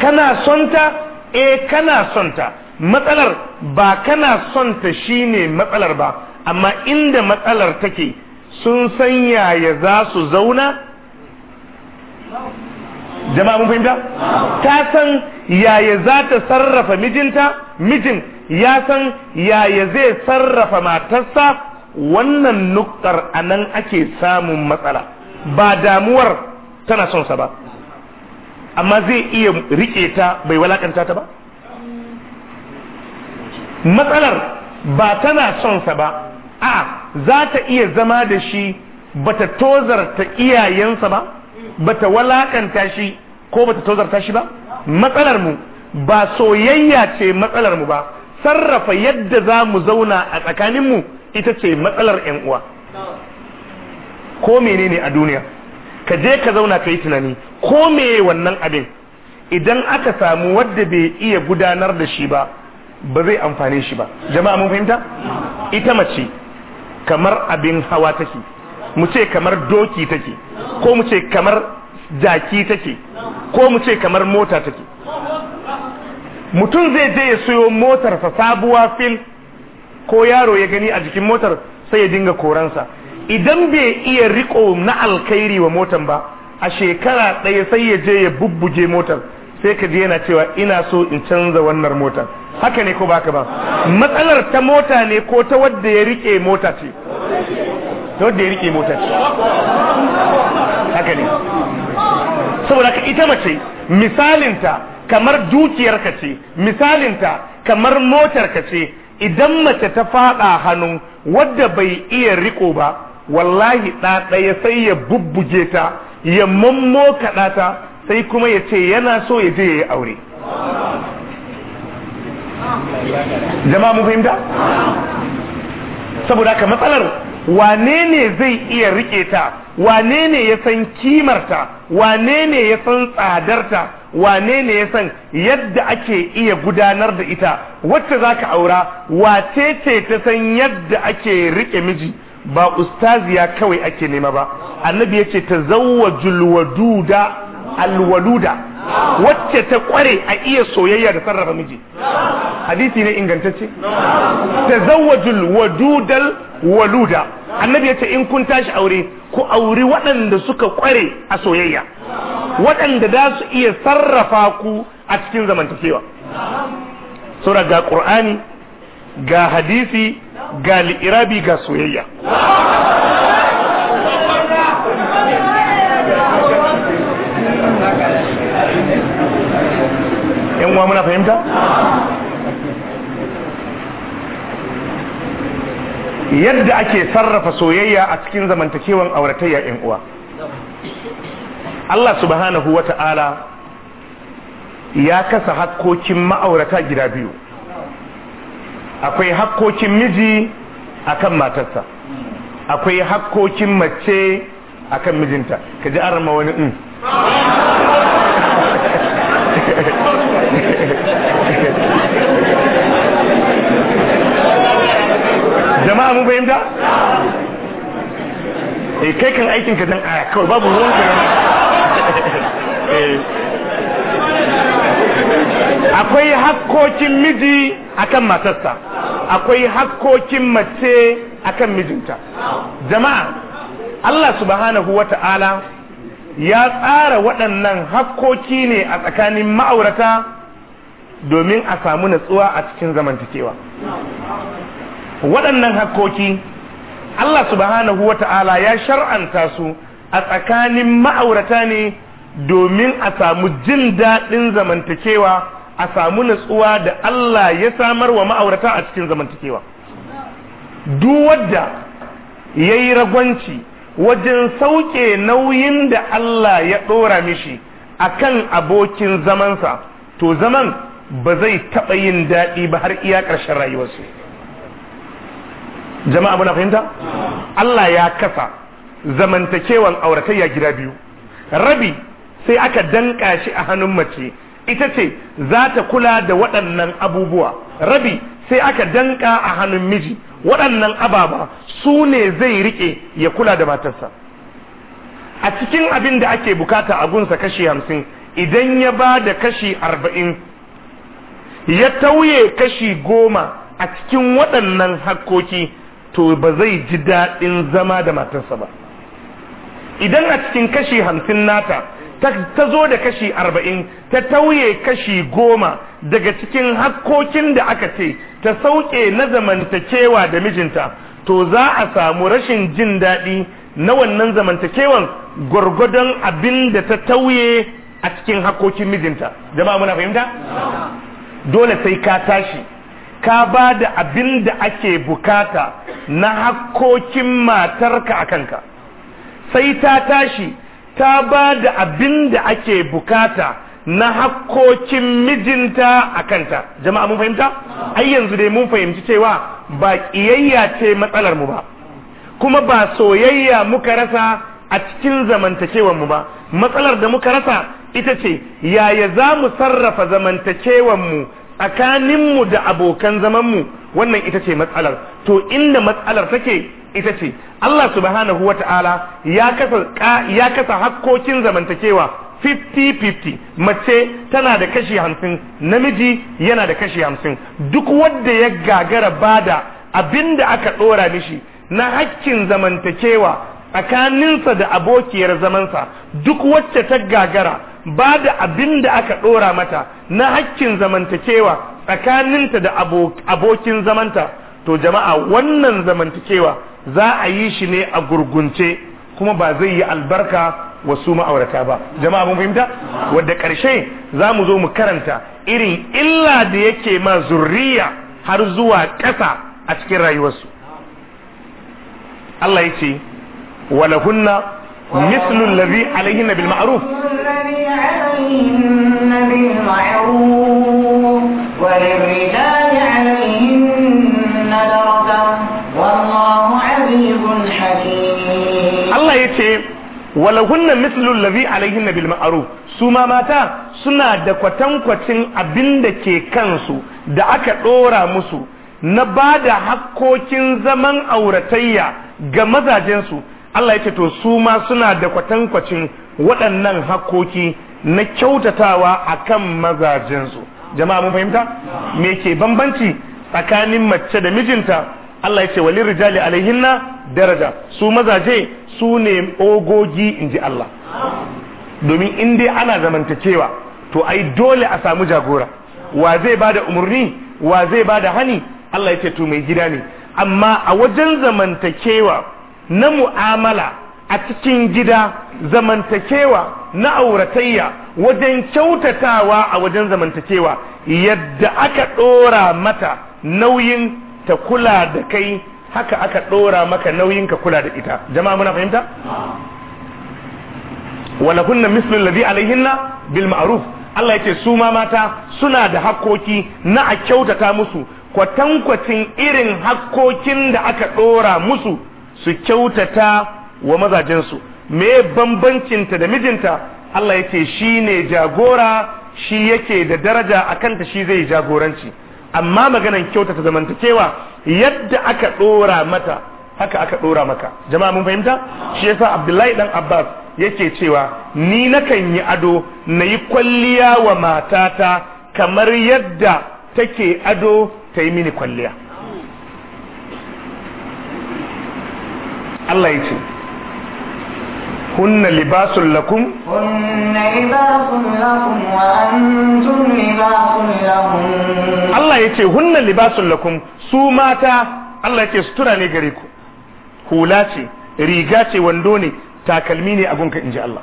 kana son ta eh kana son ta matsalar ba kana son ta shine matsalar ba amma inda matsalar take sun san yaya za su zauna jama'a mun fahimta ta san yaya za ta sarrafa mijinta mijin ya san yaya zai sarrafa matarsa wannan a nan ake samun matsala ba damuwar tana son sa ba amma zai iya rike ta bai walakanta ta ba matsalar ba tana son sa ba a za ta iya zama da shi bata tozarta iyayensa ba bata walakanta shi ko bata tozarta shi ba matsalar mu ba soyayya ce matsalar mu ba sarrafa yadda za mu zauna a tsakanin mu ita ce matsalar yan uwa ko menene a duniya ka je ka zauna ka yi tunani ko me wannan abin idan aka samu wadda bai iya gudanar da shi ba ba zai amfane shi ba jama'a mun fahimta ita mace kamar abin hawa take mu ce kamar doki take ko mu ce kamar jaki take ko mu ce kamar mota take mutum zai je ya siyo motarsa sabuwa fil ko yaro ya gani a jikin motar sai ya dinga koransa idan bai iya riko na alkhairi wa motan ba a shekara ɗaya sai ya je ya bubbuge motar sai ka je yana cewa ina so in canza wannan mota haka ne ko baka ba matsalar ta mota ne ko ta wadda ya rike mota ce ta wadda ya rike mota ce haka ne saboda ka ita mace misalinta kamar dukiyarka ce misalinta kamar motarka ce idan mace ta fada hannu wadda bai iya riko ba wallahi ɗaɗaya sai ya bubbuge ta ya mammo kaɗata sai kuma ya ce yana so ya je ya yi aure jama'a mu fahimta saboda haka matsalar wane ne zai iya rike ta wane ne ya san kimarta wane ne ya san tsadarta wane ne ya san yadda ake iya gudanar da ita wacce za ka aura wace ce ta san yadda ake rike miji ba ustaziya kawai ake nema ba annabi ya ce ta zauwa julwaduda alwaluda wacce ta kware a iya soyayya da sarrafa miji hadisi ne ingantacce tazawwajul wadudal waluda annabi yace in kun tashi aure ku auri waɗanda suka kware a soyayya waɗanda da su iya sarrafa ku a cikin zamantakewa sura ga qur'ani ga hadisi ga li'irabi ga soyayya muna fahimta yadda ake sarrafa soyayya a cikin zamantakewan auratayya yan uwa Allah subhanahu ta'ala ya kasa hakkokin ma'aurata gida biyu akwai hakkokin miji akan matarsa akwai hakkokin mace akan mijinta kaji arama wani in mm. jama'a mun fahimta eh kai kan aikin ka dan aya kawai babu ruwan ka *laughs* eh. akwai hakkokin miji akan matarsa akwai hakkokin mace akan mijinta jama'a Allah subhanahu wata'ala ya tsara waɗannan hakkoki ne a tsakanin ma'aurata domin a samu natsuwa a cikin zamantakewa waɗannan hakkoki Allah subhanahu wata'ala ya shar'anta su a tsakanin ma'aurata ne domin a samu jin daɗin zamantakewa a samu natsuwa da Allah ya samar wa ma'aurata a cikin zamantakewa duk wadda ya yi ragwanci wajen sauke nauyin da Allah ya ɗora mishi a kan abokin zamansa to zaman ba zai taɓa yin daɗi ba har iya ƙarshen rayuwarsu jama'a muna fahimta Allah ya kasa zamantakewan auratayya gida biyu rabi sai aka danka shi a hannun mace ita ce za ta kula da waɗannan abubuwa rabi sai aka danka a hannun miji waɗannan ababa su ne zai riƙe ya kula da matarsa a cikin abin da ake bukata a gunsa kashi hamsin idan ya ba da kashi arba'in ya tauye kashi goma a cikin waɗannan hakkoki to ba zai ji daɗin zama da matarsa ba idan a cikin kashi hamsin nata ta zo da kashi arba'in ta tauye kashi goma daga cikin hakkokin da aka ce ta sauke na zamantakewa da mijinta to za a samu rashin jin daɗi na wannan zamantakewan gwargwadon abin da ta tauye a cikin hakkokin mijinta jama'a muna fahimta dole sai ka tashi ka ba da abin da ake bukata na hakkokin matarka a kanka sai ta tashi ta ba da abin da ake bukata na hakkokin mijinta a kanta jama'a mun fahimta ai yanzu dai mun fahimci cewa ba ƙiyayya ce matsalar mu ba kuma ba soyayya muka rasa a cikin zamantakewar mu ba matsalar da muka rasa ita ce yaya za mu sarrafa zamantakewar mu tsakaninmu da abokan zamanmu wannan ita ce matsalar to inda matsalar take ita ce Allah subhanahu wata'ala ya kasa ya kasa hakkokin zamantakewa 50-50 mace tana da kashi hamsin namiji yana da kashi hamsin duk wadda ya gagara bada abinda aka dora mishi na hakkin zamantakewa tsakaninsa da abokiyar zamansa duk wacce ta gagara ba da abin da aka ɗora mata na hakkin zamantakewa tsakaninta da abokin zamanta to jama'a wannan zamantakewa za a yi shi ne a gurgunce kuma ba zai yi albarka wasu ma'aurata ba jama'a mun fahimta wadda ƙarshe za mu zo mu karanta irin illa da yake ma zurriya har zuwa ƙasa a cikin rayuwarsu Allah ya ce walahunna مثل الذي عليهن بالمعروف وللرجال عليهن درجة والله عزيز ولهن مثل الذي عليهن بالمعروف سوما ماتا سنا da kwatankwacin abin da ke kansu da aka ɗora musu na ba da hakkokin zaman auratayya ga mazajensu Allah ya to su ma suna da kwatankwacin waɗannan hakkoki na kyautatawa a kan mazajensu jama'a mun fahimta me ke bambanci tsakanin mace da mijinta Allah ya ce walin rijali alaihinna daraja su mazaje su ne ogogi in ji Allah domin in dai ana zamantakewa to ai dole a samu jagora wa zai ba da umarni wa zai ba da hani Allah ya to mai gida ne amma a wajen zamantakewa na mu'amala a cikin gida zamantakewa na auratayya wajen kyautatawa a wajen zamantakewa yadda aka ɗora mata nauyin ta kula da kai haka aka ɗora maka nauyin ka kula da ita jama'a muna fahimta wala kunna mislu alladhi alaihinna bil ma'ruf Allah yake su ma mata suna da hakkoki na a kyautata musu kwatankwacin irin hakkokin da aka ɗora musu su kyautata wa mazajensu me bambancinta da mijinta Allah yake shi ne jagora shi yake da daraja a kanta shi zai jagoranci amma maganan kyautata zamantakewa yadda aka ɗora mata haka aka ɗora maka jama'a mun fahimta shi yasa abdullahi dan abbas yake cewa ni nakan yi ado na yi kwalliya wa matata kamar yadda take ado ta yi mini kwalliya Allah ya ce hunna libasun lakum hunna libasun lakum wa antum libasun lahum Allah ya ce hunna libasun lakum su mata Allah ya ce sutura ne gare ku hula ce riga ce wando ne takalmi ne a gunka inji Allah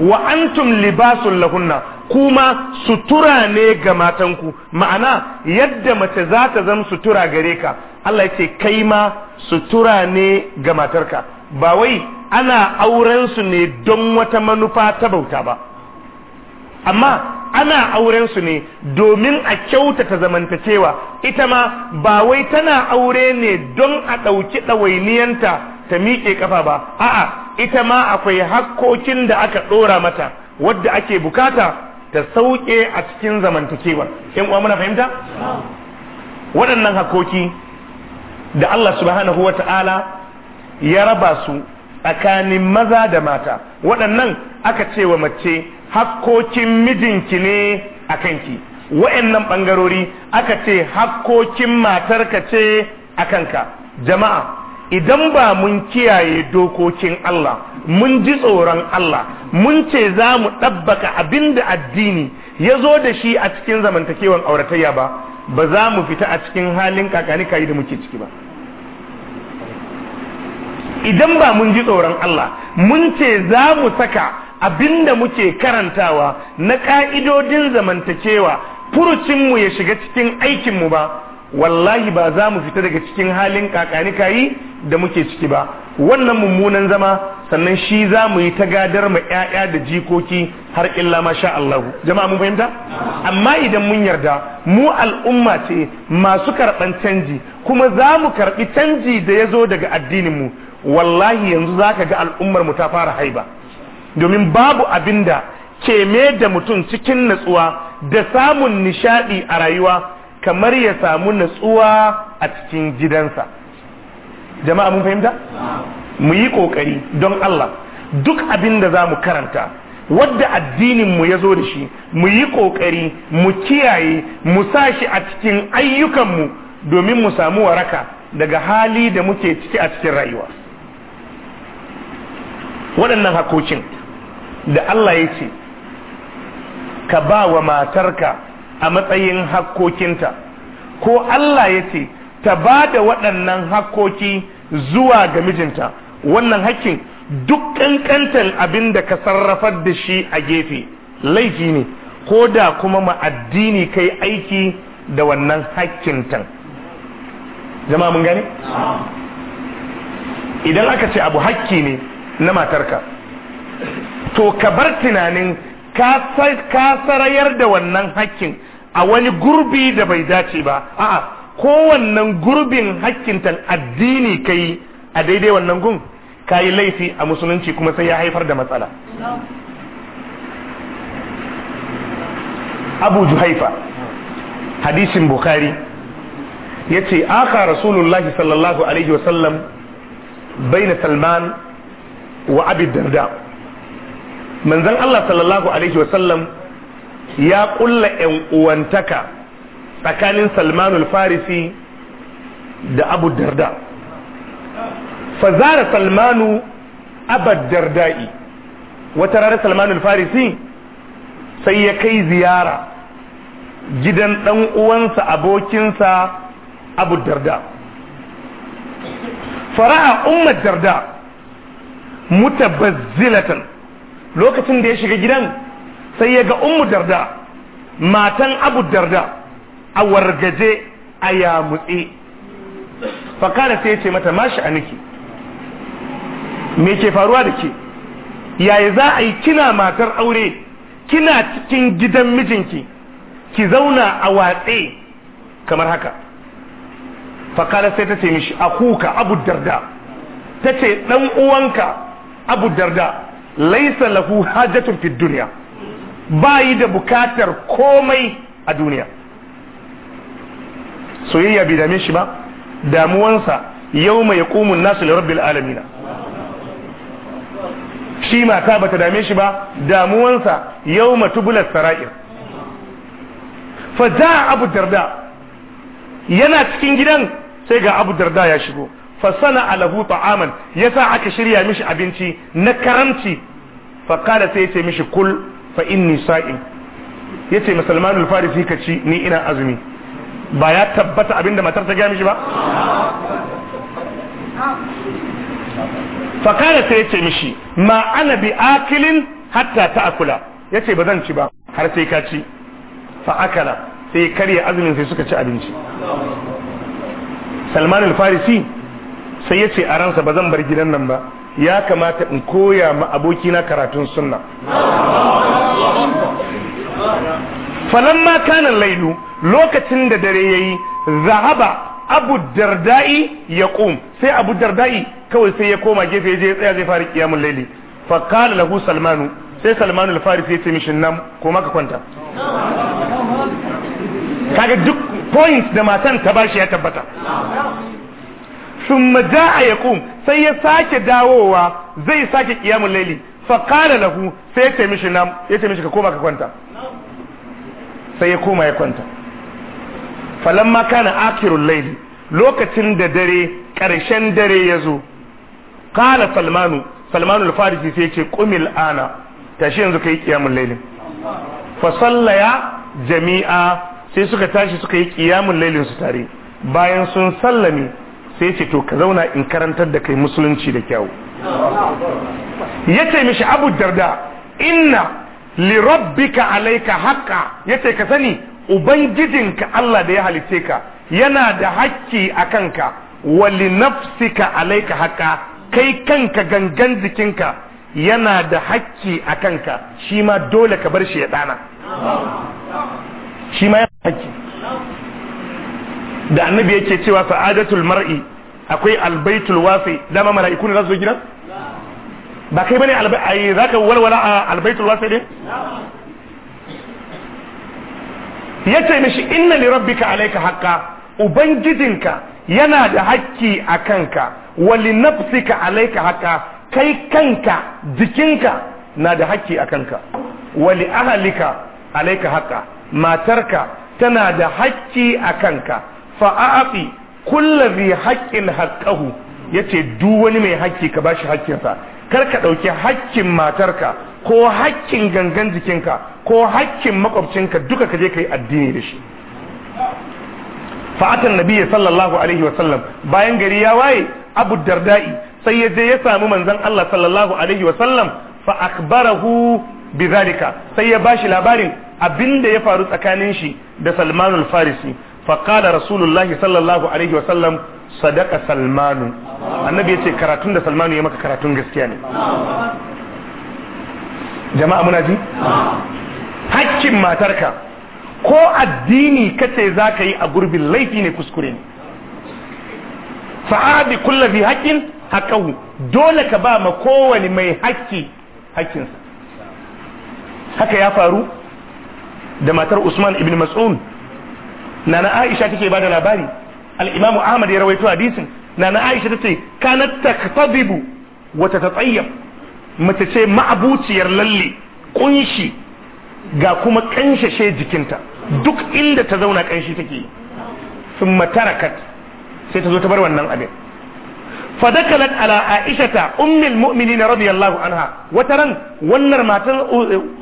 wa antum libasul lahunna kuma sutura ne ga matanku ma'ana yadda mace za ta zama sutura gare ka Allah ce kai ma sutura ne ga matarka ba wai ana auren su ne don wata manufa ta bauta ba amma ana auren su ne domin a kyautata zamantakewa ita ma ba wai tana aure ne don a ɗauki ɗawainiyanta ta miƙe ƙafa ba a'a ita ma akwai hakkokin da aka ɗora mata wadda ake bukata ta sauƙe a cikin zamantakewar in uwa muna fahimta waɗannan hakkoki da Allah subhanahu wa ta'ala ya raba su tsakanin maza da mata waɗannan aka ce wa mace hakkokin mijinki ne a kanki wa'annan ɓangarori aka ce hakkokin matarka ce a kanka jama'a idan ba mun kiyaye dokokin Allah mun ji tsoron Allah mun ce za mu ɗabbaka abin da addini ya zo da shi a cikin zamantakewan auratayya ba ba za mu fita a cikin halin kakani kayi da muke ciki ba idan ba mun ji tsoron Allah mun ce za mu saka abinda muke karantawa na ka'idodin zamantakewa furucinmu ya shiga cikin aikinmu ba wallahi ba za mu fita daga cikin halin kayi da muke ciki ba wannan mummunan zama sannan shi za mu yi ta gadar ma 'ya'ya da jikoki har illa sha Allah jama'a mun fahimta amma idan mun yarda mu al'umma ce masu karɓan canji kuma za mu karɓi canji da ya zo daga addinin mu wallahi yanzu za ka ga al'ummar mu ta fara haiba domin babu abinda ke me da mutum cikin natsuwa da samun nishadi a rayuwa kamar ya samu natsuwa a cikin gidansa jama'a mun fahimta mu yi kokari don Allah duk abin da za mu karanta wadda addininmu ya zo da shi mu yi kokari mu kiyaye mu sa shi a cikin ayyukanmu domin mu samu waraka daga hali da muke ciki a cikin rayuwa waɗannan hakokin da Allah ya ce ka ba wa matarka a matsayin hakkokinta ko Allah ya ce ta ba da waɗannan hakkoki zuwa ga mijinta wannan hakkin duk ƙanƙantar abin da ka sarrafar da shi a gefe laifi ne ko da kuma ma'addini kai aiki da wannan hakkintan jama'a mun gani idan aka ce abu hakki ne na matarka to ka bar tunanin ka sarayar da wannan hakkin a wani gurbi da bai dace ba a'a kowannan gurbin hakkin addini addini yi a daidai wannan gun ka yi laifi a musulunci kuma sai ya haifar da matsala abu juhaifa hadisin bukari ya ce aka rasulullahi sallallahu alaihi wasallam bai na salman wa abid darda manzon Allah sallallahu alaihi wasallam ya kulla yan uwantaka tsakanin Salmanul Farisi da Abu Darda fazara Salmanu Abad Darda'i wata rana Salmanul Farisi sai ya kai ziyara gidan ɗan uwansa abokinsa Abu Darda fara'a ummat Darda mutabazzilatan lokacin da ya shiga gidan sai ya ga ummu darda matan abu darda a wargaje a yamutse fakara sai ya ce mata mashi a niki me ke faruwa da ke yaya za a yi kina matar aure kina cikin gidan mijinki ki zauna a watse kamar haka fakara sai ta ce mishi a kuka abu darda ta ce ɗan uwanka abu darda laisa lahu hajatun fi duniya bayi da bukatar komai a duniya soyayya bai dame shi ba damuwansa yau mai kumun nasu da rabbil alamina shi mata bata dame shi ba damuwansa yau matubular sara'ir fa za abu darda yana cikin gidan sai ga abu darda ya shigo fasana alahu ta'aman yasa aka shirya mishi abinci na karamci fa kada sai ce mishi kul fa inni sa'im yace musulman al-farisi ka ci ni ina azumi ba ya tabbata abinda matar ta gaya mishi ba fa kada sai ce mishi ma ana bi akilin hatta ta'kula yace ba zan ci ba har sai ka ci fa akala sai karya azumin sai suka ci abinci salman al-farisi sai ya ce a ransa ba zan bar gidan nan ba ya kamata in koya ma abokina karatun sunna falon makanan lailu lokacin da dare yayi zahaba abu dardai ya kum sai abu dardai kawai sai ya koma gefe je tsaya zai fara kiyamul laili fa qala lahu salmanu sai salmanu al-farisi ya ce mishi nan ko ka kwanta kaga duk points da matan ta bashi ya tabbata a jaa yaqum sai ya sake dawowa zai sake qiyamul laili fa qala lahu sai ya ce mishi nam ya ka koma ka kwanta sai ya koma ya kwanta falamma kana akirul laili lokacin da dare karshen dare ya zo qala salmanu salmanu al-farisi sai ya ce qumil ana tashi yanzu kai qiyamul laili. fa sallaya jami'a sai suka tashi suka yi qiyamul lailin su tare bayan sun sallame sai ce to ka zauna in karantar da kai musulunci da kyau yace mishi abu darda inna li rabbika alayka haqqa yace ka sani ubangijinka Allah da ya halice ka yana da hakki a kanka wa li nafsika alayka haqqa kai kanka gangan jikinka yana da hakki a kanka shi ma dole ka bar shi ya dana shi ma yana hakki da annabi yake cewa sa'adatul mar'i akwai albaitul wasi dama mala'iku ne za su zo gidan ba kai bane ai zaka walwala a albaitul wasi ne yace mishi inna li rabbika alayka haqqa ubangijinka yana da hakki a kanka wa li nafsika alayka haqqa kai kanka jikinka na da hakki a kanka wa li ahlika alayka haqqa matarka tana da hakki a kanka fa'afi kulla bi haƙƙin haƙƙahu ya ce duk wani mai haƙƙi ka ba shi haƙƙinsa kar ka ɗauki haƙƙin matarka ko haƙƙin gangan jikinka ko haƙƙin makwabcinka duka ka je ka yi addini da shi fa'atan nabiyyi sallallahu alaihi wa sallam bayan gari ya waye abu dardai sai ya je ya samu manzon Allah sallallahu alaihi wa sallam fa akbarahu sai ya bashi labarin abinda ya faru tsakanin shi da Salman farisi faqala rasulullahi sallallahu alaihi wa sallam sadaka salmanu annabi yace karatun da salmanu ya maka karatun gaskiya ne jama'a muna ji hakkin matarka ko addini kace zaka yi a gurbin laifi ne kuskure ne kullafi kullu bi dole ka ba ma kowani mai hakki hakkinsa haka ya faru da matar Usman ibn Mas'ud nana aisha take bada labari al-imamu ahmad ya rawaito hadisin nana aisha tace kanat taktabibu wa tatayyab mace ce ma'abuciyar lalle kunshi ga kuma kanshashe jikinta duk inda ta zauna kanshi take thumma tarakat sai ta zo ta bar wannan abin fadakalat ala aishata ummul mu'minin radiyallahu anha wataran wannan matan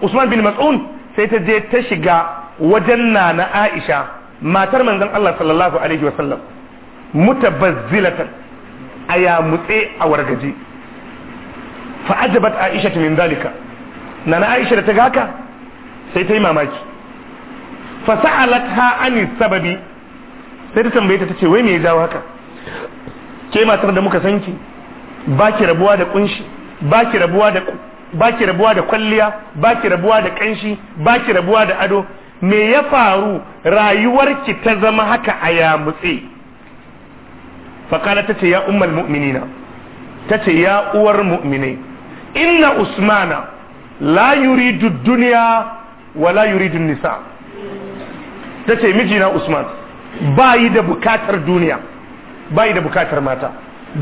usman bin mas'un sai ta je ta shiga wajen nana aisha matar manzon Allah sallallahu alaihi wasallam mutabazzilatan a mutse a wargaji. fa ajabat aisha min dalika nana aisha da ta gaka sai ta yi mamaki fa sa'alat ha ani sababi sai ta tambaye ta tace wai me ya jawo haka ke matar da muka sanki baki rabuwa da kunshi baki rabuwa da baki rabuwa da kwalliya baki rabuwa da kanshi baki rabuwa da ado me ya faru rayuwarki ta zama haka a yamutse fakala ta ce ya ummar mu'minina ta ce ya uwar mu'mine inna usmana la yuridu duniya wa la yuridu nisa ta ce mijina usman bayi da bukatar duniya bayi da bukatar mata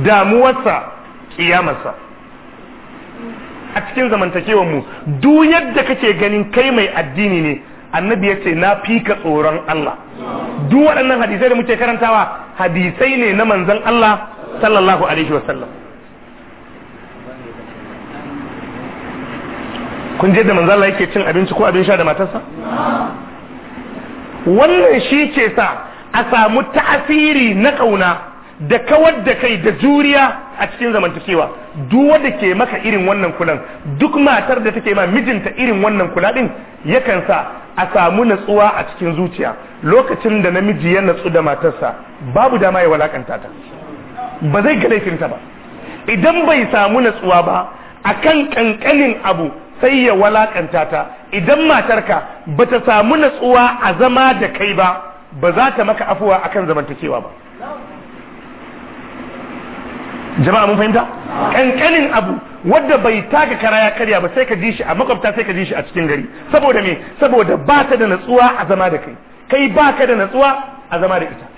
damuwarsa kiyamarsa a cikin zamantakewar mu duk yadda kake ganin kai mai addini ne annabi ya ce na fi ka tsoron Allah duk waɗannan hadisai da muke karantawa hadisai ne na manzon Allah sallallahu alaihi wasallam kun je da manzon Allah yake cin abinci ko abin sha da matarsa wannan shi ke sa a samu ta'asiri na kauna da kawar da kai da juriya a cikin zamantakewa duk wanda ke maka irin wannan kulan duk matar da take ma mijinta irin wannan kula din yakan sa a samu natsuwa a cikin zuciya lokacin da namiji ya natsu da matarsa babu dama ya walakanta ta ba zai ga laifinta ba idan bai samu natsuwa ba a kan ƙanƙanin abu sai ya walakanta ta idan matarka ba ta samu natsuwa a zama da kai ba ba za ta maka afuwa a akan zamantakewa ba jama'a mun fahimta kankanin abu wadda bai taka kara ya karya ba sai ka ji shi a makwabta sai ka ji shi a cikin gari saboda me saboda ba ta da natsuwa a zama da kai kai ba ka da natsuwa a zama da ita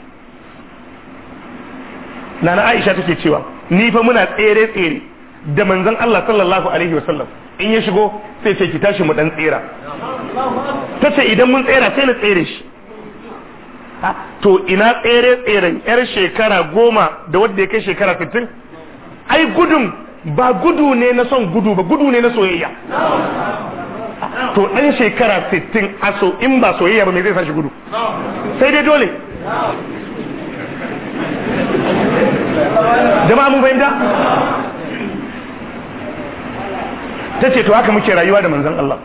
nana aisha take cewa ni fa muna tsere tsere da manzon Allah sallallahu alaihi wasallam in ya shigo sai sai ki tashi mu dan tsera tace idan mun tsera sai na tsere shi to ina tsere tseren yar shekara goma da wadda ya kai shekara 15 ai gudun ba gudu ne na son gudu ba gudu ne na soyayya to ɗan shekara 60 aso in ba soyayya ba me zai sa shi gudu sai dai dole jama'a mun fahimta ta ce to haka muke rayuwa da manzan Allah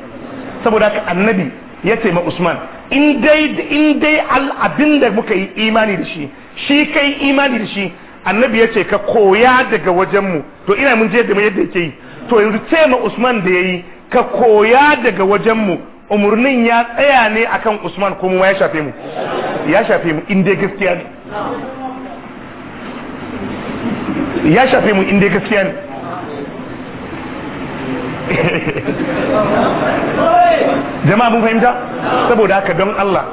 saboda haka annabi ya ce ma Usman in dai in dai da muka yi imani da shi shi kai imani da shi annabi ya ce ka koya daga wajenmu to ina mun je da mai yadda yake yi to yanzu ce ma usman da ya yi ka koya daga wajenmu umarnin ya tsaya ne akan usman ko mu ya shafe mu ya shafe mu inda gaskiya ne ya shafe mu inda gaskiya ne *laughs* jama'a mun fahimta saboda haka don Allah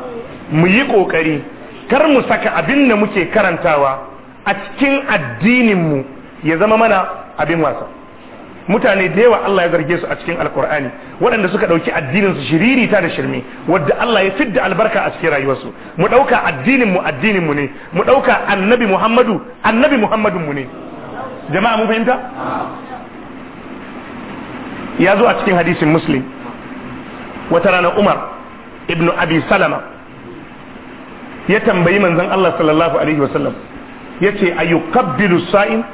mu yi kokari kar mu saka abin da muke karantawa a cikin addininmu ya zama mana abin wasa mutane da yawa Allah ya zarge su a cikin alkur'ani waɗanda suka ɗauki addininsu shiririta da shirme wadda Allah ya fidda albarka a cikin rayuwarsu mu ɗauka addininmu addininmu ne mu ɗauka annabi Muhammadu annabi Muhammadun mu ne jama'a mun fahimta ya zo a cikin hadisin Muslim wata rana Umar ibnu Abi Salama ya tambayi manzon Allah sallallahu alaihi wasallam Ya yace ayukabbilu sa'in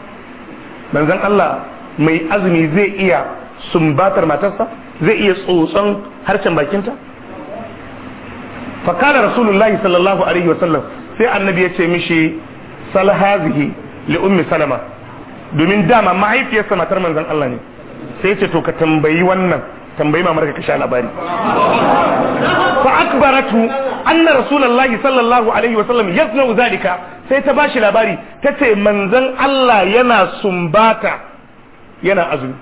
manzon Allah mai azumi zai iya sumbatar matarsa zai iya tsotson harshen bakinta fakala rasulullahi sallallahu alaihi wasallam sai annabi ya ce mishi salhazihi li ummi salama domin dama mahaifiyarsa matar manzan Allah ne sai ce to ka tambayi wannan tambayi mamar ka sha labari fa akbaratu anna rasulullahi sallallahu alaihi wa sallam zalika sai ta bashi labari tace manzon Allah yana sumbata yana azumi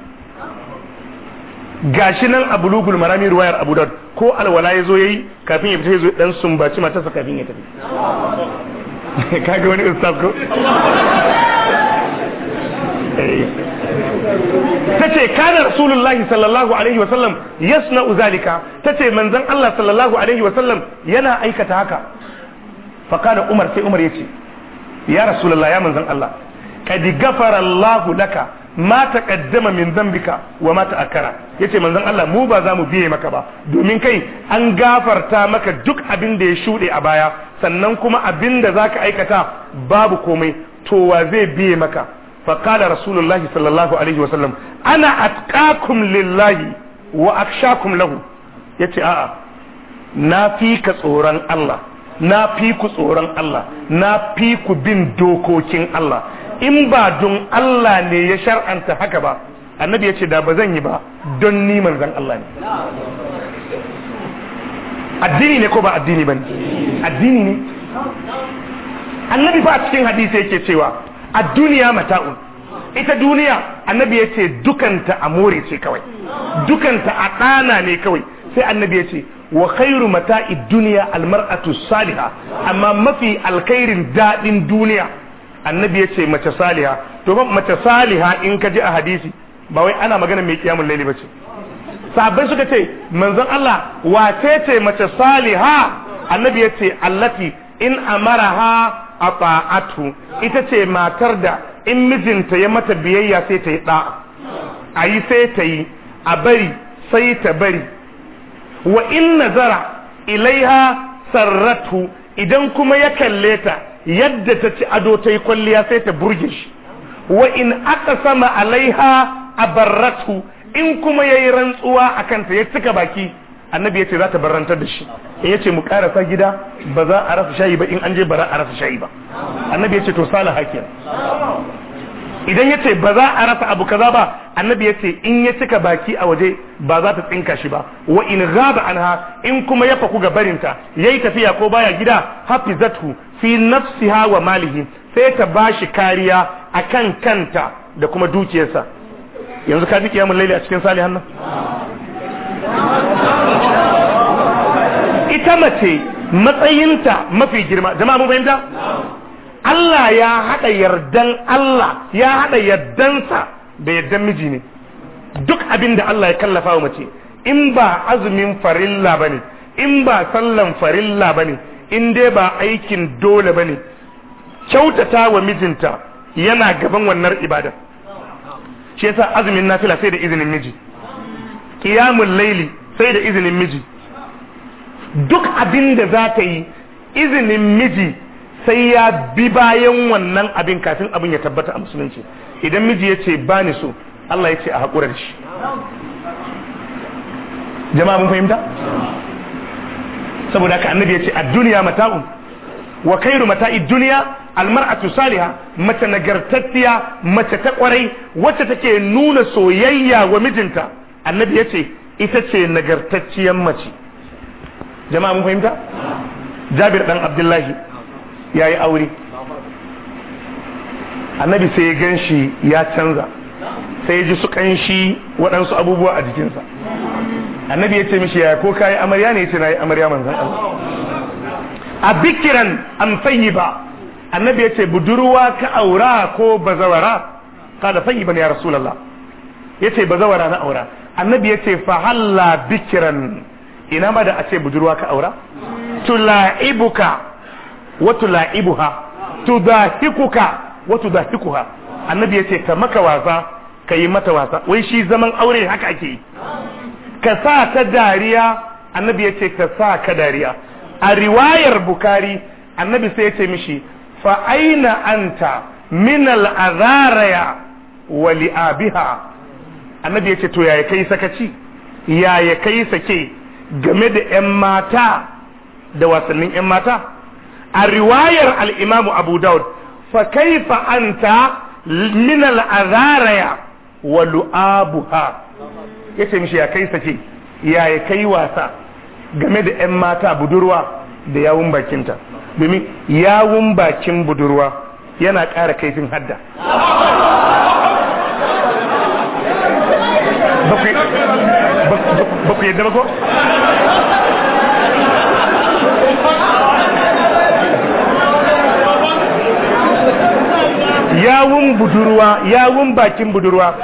gashi nan a bulugul marami ruwayar abu daud ko alwala yazo yayi kafin ya fita yazo dan sumbaci matarsa kafin ya tafi *laughs* kaga wani ustaz ko *laughs* eh. Ta tace kana rasulullahi sallallahu alaihi wasallam yasna uzalika ta ce manzon Allah sallallahu alaihi wasallam yana aikata haka fa kana Umar sai Umar yace ya rasulullahi ya manzon Allah qad ghafara Allah laka ma taqaddama min dhanbika wa ma ta'akkara yace manzon Allah mu ba za mu biye maka ba domin kai an gafarta maka duk abin da ya shude a baya sannan kuma abin da zaka aikata babu komai to wa zai biye maka فقال رسول الله صلى الله عليه وسلم انا اتقاكم لله واخشاكم له يتي Na fi صوران الله Allah. صوران الله ku bin دوكوكين الله in ba don Allah ne ya shar'anta haka ba annabi ya ce da ba zan yi ba don ni manzan Allah ne addini ne ko ba addini ba ne addini ne annabi ba cikin hadisi yake cewa a duniya mata'un ita duniya annabi ya ce dukanta a more ce kawai dukanta a ɗana ne kawai sai annabi ya ce wa khairu mata'i duniya almar'atu saliha amma mafi alkhairin daɗin duniya annabi ya ce mace saliha to mace saliha in ka ji a hadisi ba wai ana magana mai kiyamun laili ba ce sahabbai suka ce manzon Allah wace ce mace saliha annabi ya ce allati in ha. ata'atu ita ce matar da in mijinta ya mata biyayya sai ta yi da'a a yi sai ta yi a bari sai ta bari wa in nazara ilaiha sarratu idan kuma ya kalle ta yadda ta ci ado ta yi kwalliya sai ta burge shi wa in aka sama alaiha abarratu in kuma ya yi rantsuwa a kanta ya cika baki annabi ya ce za ta barantar da shi eh, ya ce mu karasa gida ba za a rasa shayi ba in an je ba za a rasa shayi ba annabi ya ce to sala hakin idan ya ce ba za a rasa abu kaza ba annabi ya ce in ya cika baki a waje ba za ta tsinka shi ba wa in an anha in kuma ya faku ga barinta yayi tafiya ko baya gida zatu fi nafsiha wa malihi sai ta ba shi kariya akan kanta da kuma dukiyarsa yanzu ka ji kiyamun laili a cikin salihan nan ita mace matsayinta mafi girma jama'a mun fahimta Allah ya haɗa yardan Allah ya haɗa yardansa da yardan miji ne duk abin da Allah ya kallafa wa mace in ba azumin farilla bane in ba sallan farilla bane in dai ba aikin dole bane kyautata wa mijinta yana gaban wannan ibada shi yasa azumin nafila sai da izinin miji qiyamul laili sai da izinin miji duk abin da za ta yi izinin miji sai ya bi bayan wannan abin kafin abin ya tabbata a musulunci idan miji ya ce ba ni so Allah ya ce a haƙura da shi jama'a mun fahimta saboda haka annabi ya ce a duniya mata'un wa kairu mata'i duniya almar'atu saliha mace nagartacciya mace ta kwarai wacce take nuna soyayya wa mijinta annabi ya ce ita ce nagartacciyar mace jama'a mun fahimta jabir dan abdullahi ya yi aure annabi sai ya gan shi ya canza sai ya ji su kanshi waɗansu abubuwa a jikinsa annabi ya ce mishi ya ko kayi amarya ne ya ce na yi amarya manzan Allah a bikiran an fayi ba annabi ya ce budurwa ka aura ko bazawara kada fayi ba ne ya rasulallah ya ce bazawara na aura annabi ya ce fahalla bikiran ina ma da a ce budurwa ka aura tula'ibuka wa tula'ibuha tudahikuka wa tudahikuha annabi yace ka maka wasa ka yi mata wasa wai shi zaman aure haka ake yi ka sa ta dariya annabi yace ka sa ka dariya a riwayar bukari annabi sai yace mishi fa aina anta min al'azaraya wa li'abiha annabi yace to yaya kai sakaci yaya kai sake game da 'yan mata da wasannin 'yan mata a riwayar al'imamu abu daud fa kaifa anta min al'azaraya wa lu'abuha ya ce mishi ya kai sake ya ya kai wasa game da 'yan mata budurwa da yawun bakinta domin yawun bakin budurwa yana ƙara kaifin hadda ba ku yadda ba ko? yawun budurwa yawun bakin budurwa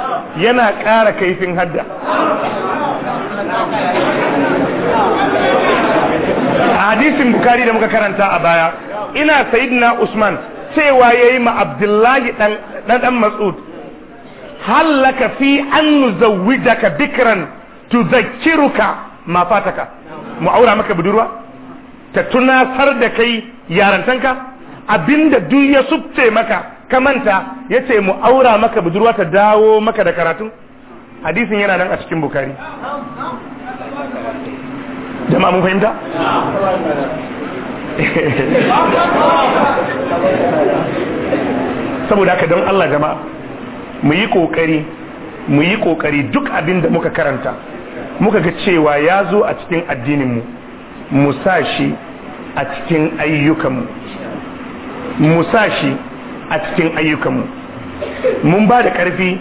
yana ƙara kaifin hadda a hadisin bukari da muka karanta a baya ina sayidina usman cewa ya yi ma abdullahi ɗan matsud hallaka fi an nuzawwijaka bikiran tuzakiruka ma fataka mu aura maka budurwa ta tunasar da kai yarantanka abinda duk ya subce maka ka manta ya ce mu aura maka budurwa ta dawo maka da karatu hadisin yana nan a cikin bukari jama'a mun fahimta? *laughs* saboda haka don Allah jama'a mu yi kokari mu yi kokari duk abin da muka karanta muka ga cewa ya zo a cikin addinin mu sa shi a cikin ayyukanmu mu sa shi a cikin ayyukanmu mun ba da ƙarfi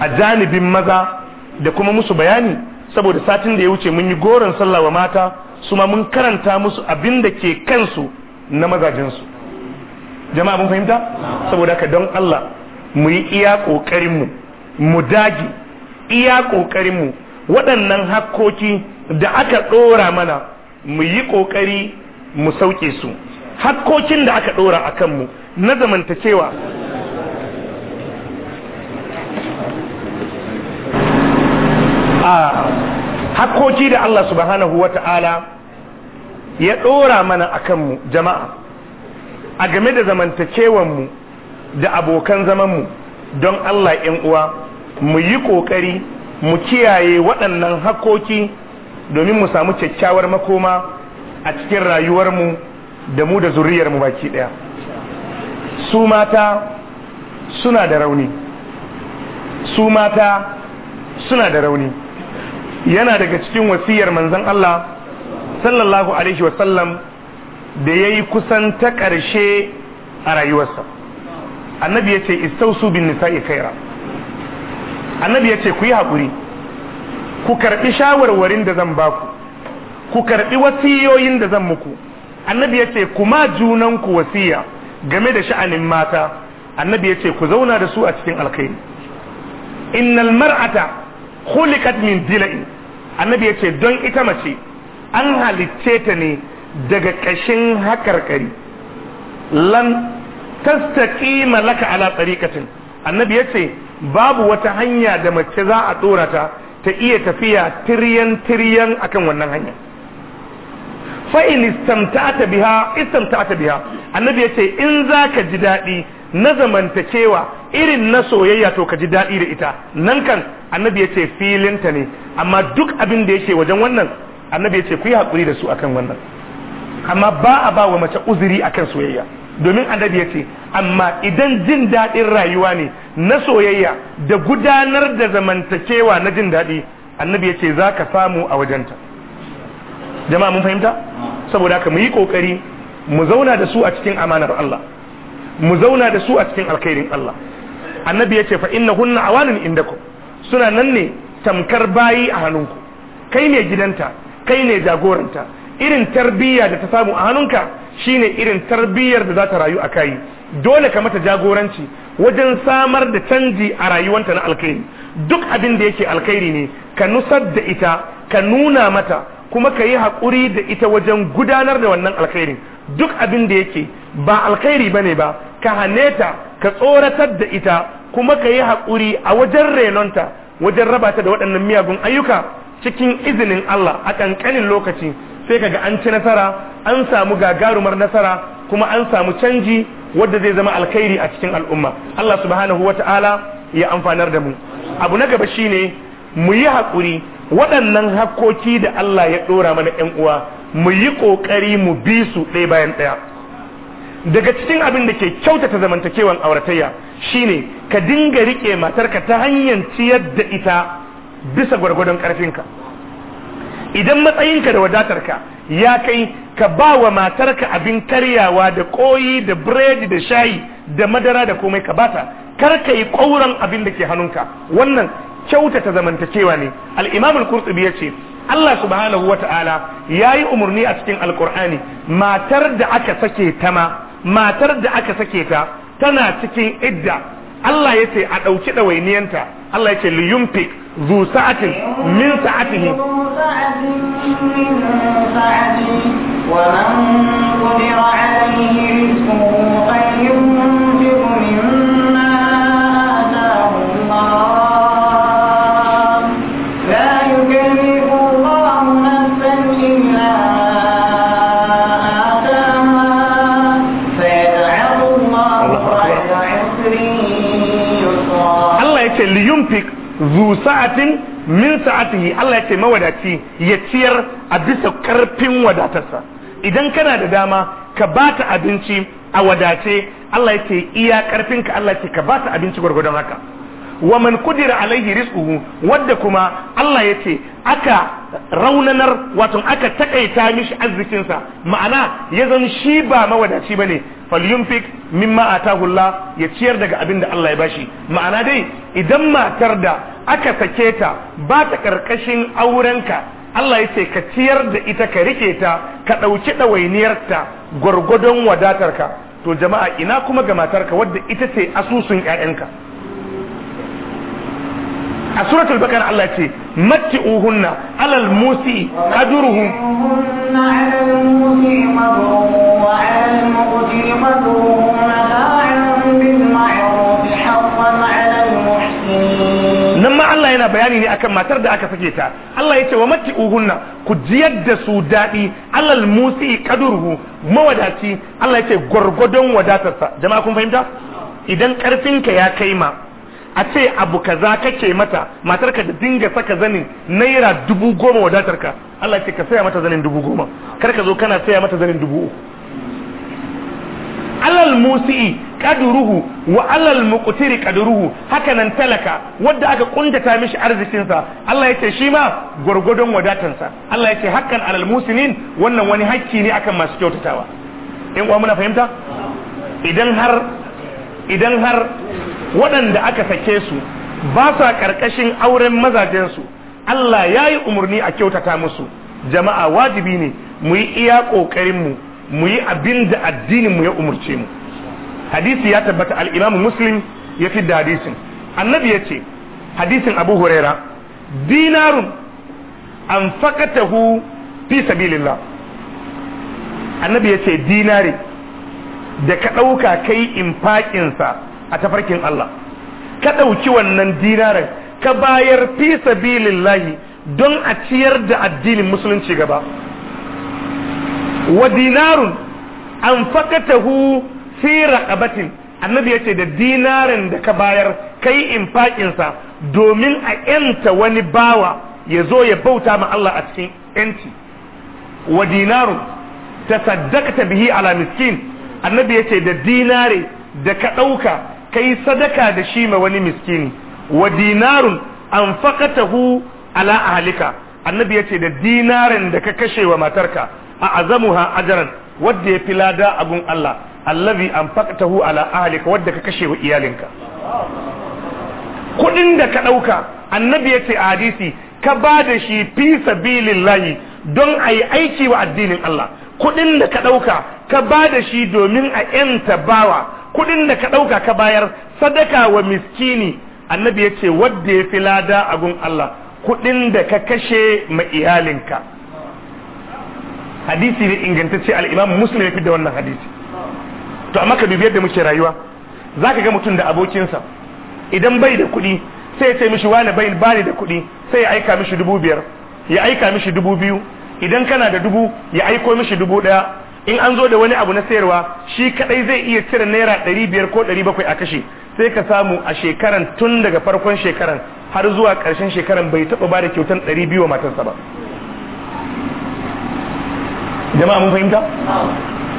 a janibin maza da kuma musu bayani saboda satin da ya wuce mun yi goron sallah wa mata su ma mun karanta musu abin da ke kansu na mazajensu jama'a mun fahimta saboda haka don Allah mu yi iya ƙoƙarinmu mu dage iya ƙoƙarinmu waɗannan hakkoki da aka ɗora mana mu yi ƙoƙari mu sauke su hakkokin da aka ɗora a kanmu na zamantakewa a hakkoki da Allah subhanahu wa ta'ala ya ɗora mana a kanmu jama'a a game da zamantakewanmu da abokan zamanmu don Allah uwa mu yi ƙoƙari mu kiyaye waɗannan hakkoki domin mu samu kyakkyawar makoma a cikin rayuwarmu da mu da zuriyar mu baki daya su mata suna da rauni su mata suna da rauni yana daga cikin wasiyar manzon Allah sallallahu alaihi wasallam da yayi kusan ta ƙarshe a rayuwarsa annabi ya ce istausu bin nisa'i khaira annabi ya ce ku yi hakuri ku karɓi shawarwarin da zan baku ku karɓi wasiyoyin da zan muku annabi ya ce kuma junanku wasiya game da sha'anin mata annabi ya ce ku zauna da su a cikin alkhairi innal mar'ata khuliqat min dila'in annabi ya ce don ita mace an halicce ta ne daga kashin hakarkari lan tastaqima laka ala tariqatin annabi ya ce babu wata hanya da mace za a tsora ta ta iya tafiya tiryan tiryan akan wannan hanya fa'il istamta'ata biha istamta'ata biha annabi yace in zaka ji daɗi na zamantakewa irin na soyayya to ka ji dadi da ita nan kan annabi yace filinta ne amma duk abin da yake wajen wannan annabi yace ku yi hakuri da su akan wannan amma ba a ba wa mace uzuri akan soyayya domin annabi yace amma idan jin daɗin rayuwa ne na soyayya da gudanar da zamantakewa na jin dadi annabi yace zaka samu a wajenta jama'a mun fahimta saboda haka mu yi kokari mu zauna da su a cikin amanar Allah mu zauna da su a cikin alkhairin Allah annabi ya ce fa hunna inda indakum suna nan ne tamkar bayi a hannunku kai ne gidanta kai ne jagoranta irin tarbiyya da ta samu a hannunka shine irin tarbiyyar da za ta rayu a kai dole ka mata jagoranci wajen samar da canji a rayuwanta na alkhairi duk abin da yake alkhairi ne ka nusar da ita ka nuna mata kuma ka yi haƙuri da ita wajen gudanar da wannan alkhairin duk abin da yake ba alkhairi ne ba ka hane ta ka tsoratar da ita kuma ka yi haƙuri a wajen renonta wajen raba ta da waɗannan miyagun ayyuka cikin izinin Allah a ƙanƙanin lokaci sai kaga an ci nasara an samu gagarumar nasara kuma an samu canji wadda zai zama alkhairi a cikin al'umma Allah subhanahu wata'ala ya amfanar da mu abu na gaba shine mu yi haƙuri waɗannan hakkoki da Allah ya ɗora mana ‘yan uwa mu yi ƙoƙari mu bi su ɗaya bayan ɗaya daga cikin abin da ke kyautata zamantakewan auratayya shine ka dinga riƙe matarka ta hanyar ciyar da ita bisa gwargwadon ƙarfinka idan matsayinka da wadatarka ya kai ka ba wa matarka abin karyawa da koyi da biredi da shayi da madara da komai ka bata kar ka yi ƙauran abin da ke hannunka wannan kyautata zamantakewa ne al-imam al-qurtubi yace Allah subhanahu wata'ala yayi umarni a cikin alkur'ani matar da aka sake ta ma matar da aka sake ta tana cikin idda Allah yace a ɗauki ɗawainiyanta Allah yace liyumtik zu sa'atin min sa'atihi wa man alayhi zu sa'atin min sa'atihi Allah ya ce mawadaci ya ciyar a bisa karfin wadatarsa idan kana da dama ka bata abinci a wadace Allah ya ce iya karfinka Allah ya ce ka bata abinci gwargwadon haka wa man kudira alaihi rizquhu wadda kuma Allah yace aka raunanar wato aka takaita mishi arzikin sa ma'ana ya zan shi ba mawadaci bane falyunfik mimma atahu Allah ya ciyar daga abin da Allah ya bashi ma'ana dai idan matar da aka sake ta ba ta karkashin aurenka Allah yace ka ciyar da ita ka rike ta ka ɗauki ɗawainiyarta gwargwadon ka. to jama'a ina kuma ga matarka wadda ita ce asusun ƴaƴanka? a suratul bakara Allah ce matti uhunna alal musi ajruhum nan ma Allah yana bayani ne akan matar da aka sake ta Allah ya ce wa matti uhunna ku jiyar da su daɗi alal musi kadurhu mawadaci Allah ya ce gwargwadon wadatarsa jama'a kun fahimta idan karfinka ya kai ma a ce abu kaza kake mata matar ka da dinga saka zanin naira dubu goma wadatarka. ka Allah ce ka saya mata zanin dubu goma kar ka zo kana saya mata zanin dubu uku alal musi'i kaduruhu wa alal muqtiri kaduruhu haka nan talaka wanda aka kundata mishi arzikinsa Allah yace shi ma gurgudun wadatansa Allah yace hakkan alal musinin wannan wani hakki ne akan masu kyautatawa in uwa muna fahimta idan har idan har waɗanda aka sake su ba sa ƙarƙashin auren mazajensu Allah ya yi umarni a kyautata musu jama'a wajibi ne mu yi iya ƙoƙarinmu mu yi abin da addininmu ya umarce mu hadisi ya tabbata al'imamu muslim ya fi da hadisin annabi ya ce hadisin abu huraira dinarun an fakatahu fi sabilillah annabi ya ce dinari da ka ɗauka kai infaƙinsa a tafarkin Allah ka ɗauki wannan dinarin ka bayar fi sabilillahi don a ciyar da addinin musulunci gaba wa dinarun an fakatahu fi raqabatin annabi yace da dinarin da ka bayar kai infakin sa domin a yanta wani bawa ya zo ya bauta ma Allah a cikin yanci wa dinarun tasaddaqta bihi ala miskin annabi yace da dinare da ka ɗauka kai sadaka da shi ma wani miskini wa dinarun anfaqatahu ala ahlika annabi yace da dinarin da ka kashe wa matarka a azamuha ajran wanda ya filada agun Allah allazi anfaqatahu ala ahlika wanda ka kashe wa iyalinka kudin da ka ɗauka annabi yace a hadisi ka ba da shi fi sabilillahi don a yi aiki wa addinin Allah kudin da ka ɗauka ka ba da shi domin a ‘yanta bawa kudin da ka ɗauka ka bayar sadaka wa miskini annabi ya ce wadda ya fi lada a gun Allah kudin da ka kashe ma iyalinka hadisi ne ingantacce al'imam muslim ya fi da wannan hadisi to amma ka dubi yadda muke rayuwa za ka ga mutum da abokinsa idan bai da kuɗi sai ya ce mishi wani bai bani da kuɗi sai ya aika mishi dubu biyar ya aika mishi dubu biyu idan kana da dubu ya aiko mishi dubu ɗaya in an zo da wani abu na sayarwa shi kadai zai iya cire naira ɗari biyar ko ɗari bakwai a kashe sai ka samu a shekaran tun daga farkon shekaran har zuwa ƙarshen shekaran bai taɓa ba da kyautan ɗari biyu wa matarsa ba jama'a mun fahimta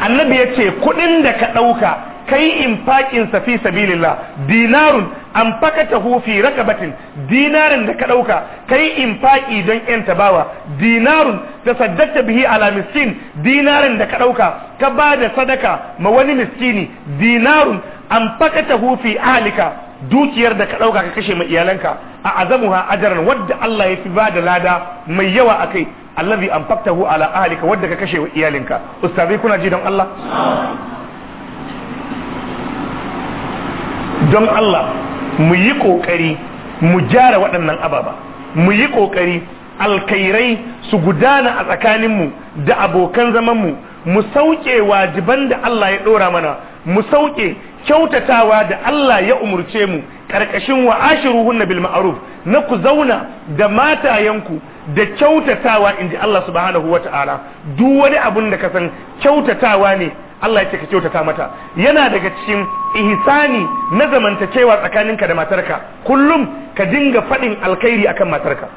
annabi ya ce kuɗin da ka ɗauka kai infaƙin sa fi sabilillah dinarun an fakata hu fi rakabatin dinarin da ka ɗauka kai infaƙi don yan tabawa dinarun da saddata bihi ala miskin dinarin da ka ɗauka ka ba da sadaka ma wani miskini dinarun an fakata hu fi ahlika dukiyar da ka ɗauka ka kashe mai iyalanka a azamuha ajaran wadda Allah ya fi ba da lada mai yawa a kai allazi an faktahu ala ahalika wadda ka kashe wa iyalinka ustazai kuna ji don Allah don Allah mu yi ƙoƙari mu gyara waɗannan ababa mu yi ƙoƙari alkairai su gudana a tsakaninmu da abokan zamanmu mu sauke wajiban da Allah ya ɗora mana mu sauke kyautatawa da Allah ya umurce mu ƙarƙashin wa hunna bil ma'ruf na ku zauna da matayenku da kyautatawa in ji Allah subhanahu wa ta'ala duk wani abun da ka san kyautatawa ne Allah ya ce ka kyautata mata yana daga cikin ihsani na zamantakewa tsakaninka da matarka kullum ka dinga faɗin alkhairi akan matarka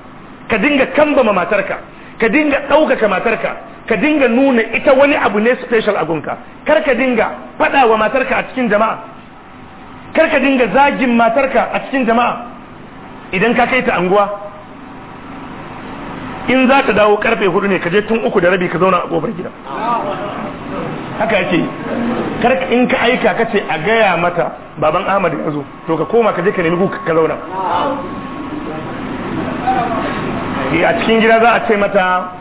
ka dinga kambama matarka ka dinga ɗaukaka matarka ka dinga nuna ita wani abu ne special a gunka kar ka dinga faɗa wa matarka a cikin jama'a kar ka dinga zagin matarka a cikin jama'a idan ka kai ta anguwa in za ka dawo karfe hudu ne ka je tun uku da rabi ka zauna a kofar gida haka yake karka in ka aika ka ce a gaya mata baban ahmad ya zo to ka koma ka je ka nemi ku ka zauna eh, a cikin gida za a ce mata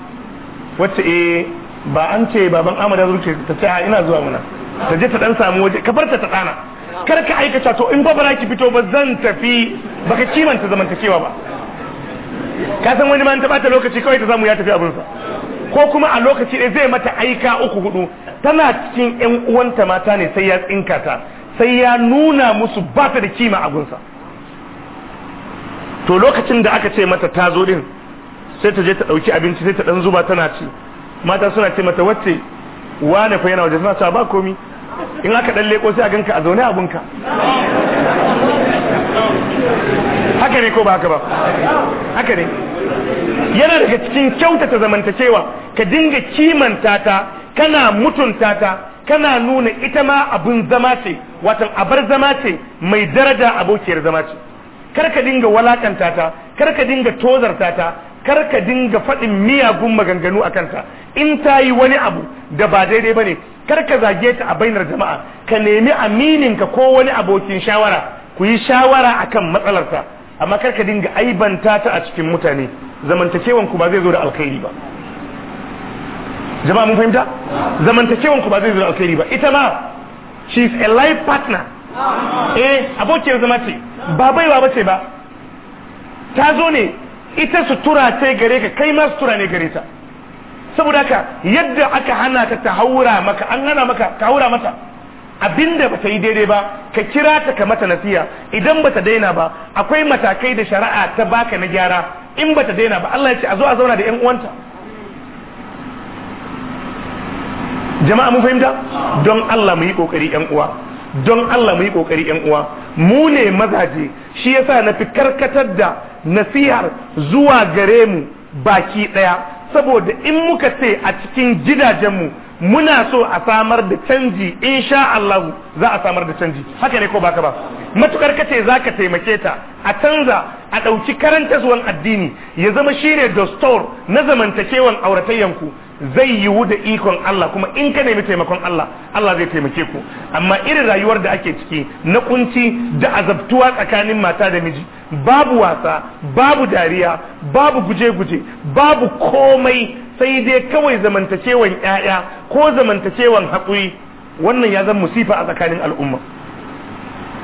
wacce eh ba an ce baban ahmad ya zo ce ta ce a ina zuwa muna ta je ta dan samu waje ka barta ta tsana kar ka aikata to in ba ba ki fito ba zan tafi baka kimanta zamantakewa ba ka san wani ma ta bata lokaci kawai ta zamu ya tafi abinsa ko kuma a lokaci ɗaya zai mata aika uku hudu tana cikin yan uwanta mata ne sai ya tsinkata sai ya nuna musu ba ta da kima a gunsa to lokacin da aka ce mata ta zo din sai ta je ta ɗauki abinci sai ta ɗan zuba tana ci mata suna ce mata wacce wane fa yana waje suna cewa ba komi in aka dan leko sai a ganka a zaune abunka haka ne ko ba haka ba haka ne yana daga cikin kyautata zamantacewa ka dinga kimanta ta kana mutunta ta kana nuna ita ma abun zama ce watan abar zama ce mai daraja abokiyar zama ce kar dinga walakanta ta kar ka dinga tozarta ta kar ka dinga faɗin miyagun maganganu a kanta in ta yi wani abu da ba daidai ba ne kar ka zage ta a bainar jama'a ka nemi amininka ko wani abokin shawara ku yi shawara akan matsalarta amma karka dinga aibanta ta a cikin mutane zamantakewan ku ba zai zo da alkhairi ba jama'a mun fahimta zamantakewan ku ba zai zo da alkhairi ba ita ma she is a life partner eh abokiyar zama ce ba baiwa ba ce ba ta zo ne ita sutura ce gare ka kai ma sutura ne gare ta saboda ka yadda aka hana ta ta haura maka an hana maka ka haura mata abinda ba ta yi daidai ba ka kira ta ka mata nasiya idan ba ta daina ba akwai matakai da shari'a ta baka na gyara in ba ta daina ba Allah ya ce a zo a zauna da yan uwanta jama'a mun fahimta don Allah mu yi kokari yan uwa don Allah mu yi kokari yan uwa mu ne mazaje shi yasa na fi karkatar da nasihar zuwa gare mu baki daya saboda in muka ce a cikin gidajenmu muna so a samar da canji insha Allah za a samar da canji haka ne ko baka ba matukar kace zaka taimake ta a canza a dauki karantaswan addini ya zama shine store na zamantakewan auratayyanku zai yiwu da ikon Allah kuma in ka nemi taimakon Allah Allah zai taimake ku amma irin rayuwar da ake ciki na kunci da azabtuwa tsakanin mata da miji babu wasa babu dariya babu guje-guje babu komai sai dai kawai zamantacewan yaya ko zamantacewan haƙuri wannan ya zama musifa a tsakanin al'umma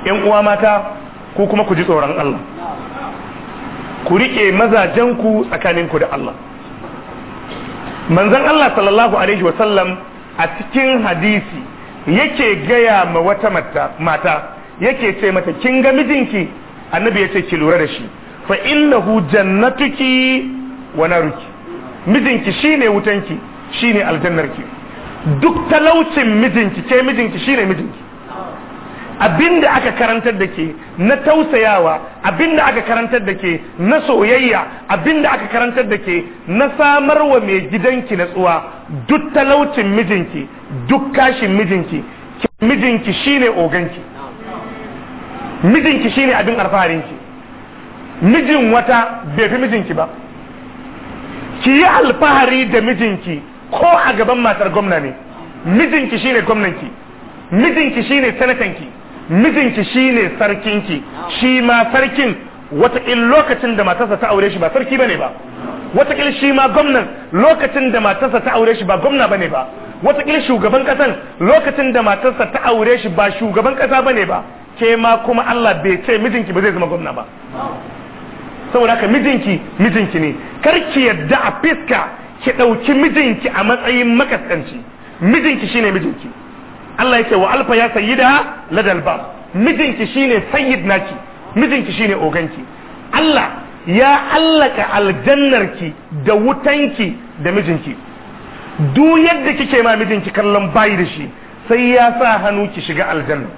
ƴan uwa mata ko kuma ku ji tsoron Allah ku riƙe mazajenku ku da Allah manzon Allah sallallahu alaihi wasallam a cikin hadisi yake gaya ma wata mata yake ce mata kin ga mijinki annabi yace ki lura da shi fa innahu jannatuki wa naruki mijinki shine wutanki shine aljannarki duk talaucin mijinki ke mijinki shine mijinki abinda aka karantar da ke na tausayawa abinda aka karantar da ke na soyayya abinda aka karantar da ke na samarwa mai gidanki natsuwa duk talaucin mijinki duk kashin mijinki mijinki shine oganki mijinki shine abin alfaharinki mijin wata bai fi mijinki ba ki yi alfahari da mijinki ko a gaban matar gwamna ne mijinki shine gwamnanki mijinki shine sanatanki mijinki shine sarkinki shi ma sarkin watakil lokacin da matarsa ta aure shi ba sarki bane ba watakil shi ma gwamnan lokacin da matarsa ta aure shi ba gwamna bane ba watakil shugaban kasan lokacin da matarsa ta aure shi ba shugaban kasa bane ba ke ma kuma Allah bai ce mijinki ba zai zama gwamna ba saboda haka mijinki mijinki ne karki yadda a fiska ki ɗauki mijinki a matsayin makaskanci mijinki shine mijinki Allah yake wa alfa ya sayyida ladal bab mijinki shine sayyid naki mijinki shine oganki Allah ya allaka aljannarki da wutanki da mijinki Du yadda kike ma mijinki kallon bayi da shi sai ya sa hannu ki shiga aljanna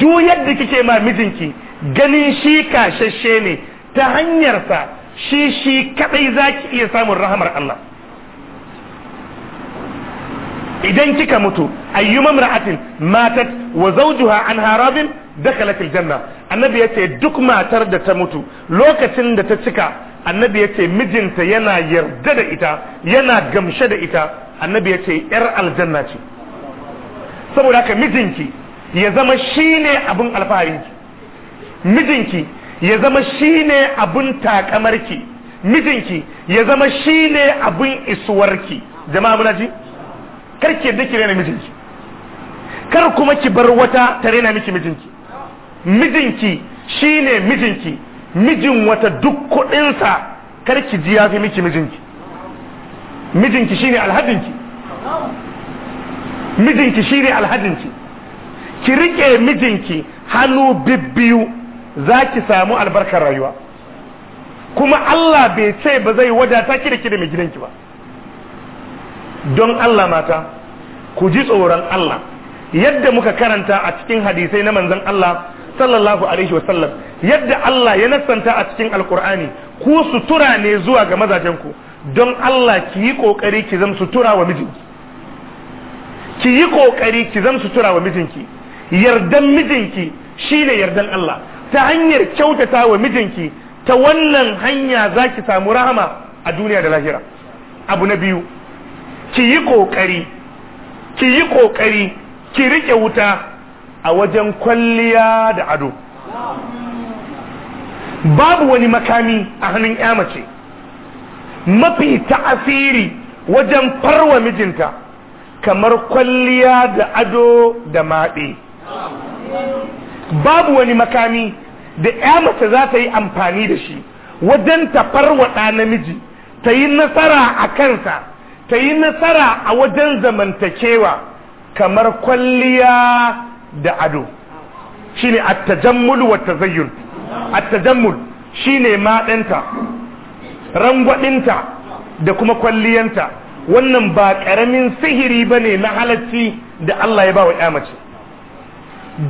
duk yadda kike ma mijinki ganin shi kashashe ne ta hanyarsa shi shi kadai zaki iya samun rahamar Allah idan kika mutu ayyuma mar'atin matat wa zawjuha an harabin dakhalat aljanna annabi yace duk matar da ta mutu lokacin da ta cika annabi yace mijinta yana yarda da ita yana gamshe da ita annabi yace yar aljanna ce saboda haka mijinki ya zama shine abun alfaharinki mijinki ya zama shine abun takamarki mijinki ya zama shine abun isuwarki jama'a muna ji kar ki yadda ki rena mijinki kar kuma ki bar wata ta rena miki mijinki mijinki shine mijinki mijin wata duk kuɗinsa kar ki ji yafi miki mijinki mijinki shine alhadinki mijinki shine alhadinki ki rike mijinki hannu bibbiyu za ki samu albarkar rayuwa kuma Allah bai ce ba zai wadata ki da ki mai gidanki ba don Allah mata ku ji tsoron Allah yadda muka karanta a cikin hadisai na manzon Allah sallallahu alaihi wasallam yadda Allah ya nasanta a cikin alkur'ani ku sutura ne zuwa ga mazajenku, don Allah ki yi kokari ki zan sutura wa mijinki ki yi kokari ki sutura wa mijinki yardan mijinki shine yardan Allah ta hanyar kyautata wa mijinki ta wannan hanya zaki samu rahama a duniya da lahira abu na biyu ki yi ƙoƙari ki yi ƙoƙari ki riƙe wuta a wajen kwalliya da ado babu wani makami a hannun ya mace mafi ta'asiri wajen farwa mijinta kamar kwalliya da ado da maɗe babu wani makami da ya mace za ta yi amfani da shi wajen ta farwa ɗa namiji ta yi nasara a kansa ta yi nasara a wajen zamantakewa kamar kwalliya da ado shi at-tajammul wata tazayyun at-tajammul ne maɗanta rangwaɗinta da kuma kwalliyanta wannan ba ƙaramin sihiri ba ne na halacci da Allah ya ba wa ƴa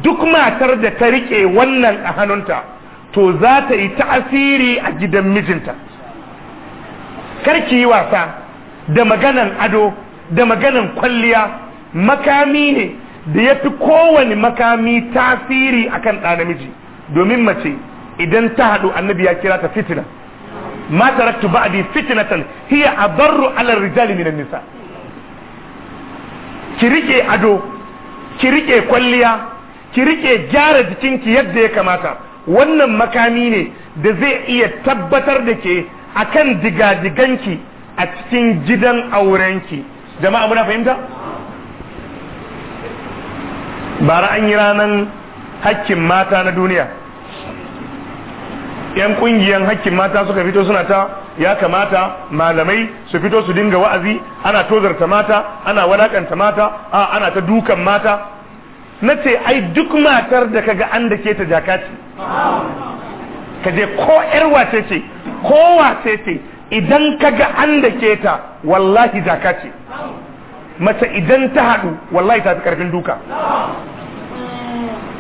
duk matar da ta riƙe wannan a hannunta to za ta yi ta'asiri a gidan mijinta karki yi wasa da maganan ado da maganan kwalliya makami ne da ya fi kowane makami tasiri akan ɗa namiji domin mace idan ta haɗu annabi ya kira ta fitina ma taraktu ba'di fitnatan hiya adarru alar rijali minan nisa ki rike ado ki riƙe kwalliya ki riƙe gyara jikinki yadda ya kamata wannan makami ne da zai iya tabbatar da ke akan diga-digan digadiganki a cikin gidan aurenki jama'a muna fahimta Ba an yi ranar hakkin mata na duniya yan ƙungiyar hakkin mata suka fito suna ta ya kamata malamai su fito su dinga wa'azi ana tozarta mata ana walakanta mata a ana ta dukan mata na ce ai duk matar da kaga an da ke ta jakaci ka je ko yar wace ce ko wace ce idan ka ga an da ke ta wallahi zaka ce mace idan ta haɗu wallahi ta fi ƙarfin duka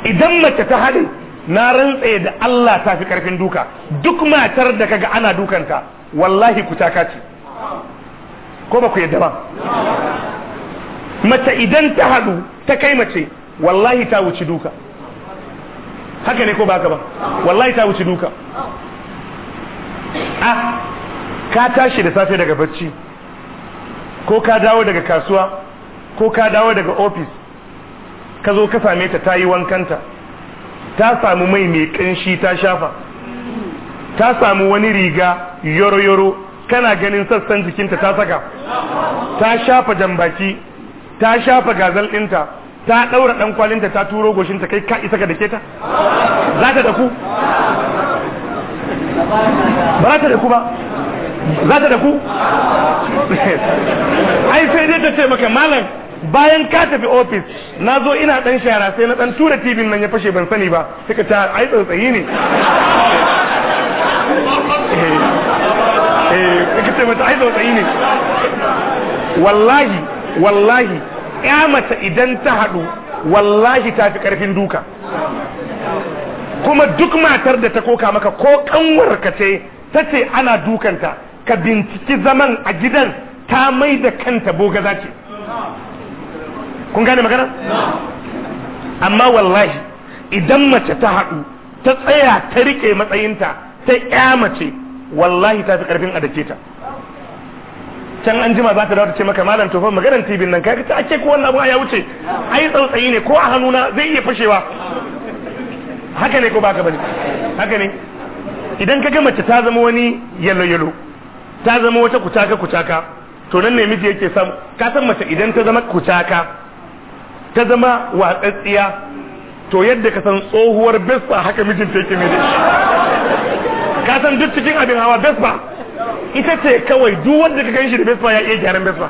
idan mace ta haɗu na rantse da Allah ta fi ƙarfin duka duk matar da ka ga ana dukanta wallahi ku ta ce ko ba ku yadda ba mace idan ta haɗu ta kai mace wallahi ta wuci duka haka ne ko ba ka ba wallahi ta wuci duka ah, ka tashi da safe daga bacci ko ka dawo daga kasuwa ko ka dawo daga ofis ka zo ka same ta ta yi wankanta ta samu mai mai ƙanshi ta shafa ta samu wani riga yoro-yoro kana ganin sassan jikinta ta saka ta shafa jambaki ta shafa gazal ɗinta ta ɗaura ɗan kwalinta ta turo goshinta kai ka isa ka dake ta za ta daku ba za ta daku ba za ta ku? ai sai dai ta ce maka malam bayan ka tafi ofis na zo ina dan shara sai na dan tura tv nan ya fashe ban sani ba suka ta ai tsantsayi ne eh, eh, eh, mata tsantsayi ne wallahi wallahi ya mata idan ta haɗu wallahi ta fi ƙarfin duka kuma duk matar da ta koka maka ko ka ce ta ce ana dukanta ka binciki zaman a gidan ta mai da kanta bogaza ce kun gane magana amma wallahi idan mace ta haɗu ta tsaya ta rike matsayinta ta ya mace wallahi ta fi ƙarfin adake ta can an jima za ta dawo ta ce maka malam tofan maganar tibin nan kai ta ake ko wannan abu ya wuce ai tsautsayi ne ko a hannuna zai iya fashewa haka ne ko baka bane haka ne idan ka ga mace ta zama wani yalo yalo ta zama wata kucaka kucaka to nan ne miji yake samu ka san mace idan ta zama kucaka ta zama watsatsiya to yadda ka san tsohuwar bespa haka mijin ta yake mai ka san duk cikin abin hawa bespa ita ce kawai duk wanda ka ganshi da bespa ya iya gyaran bespa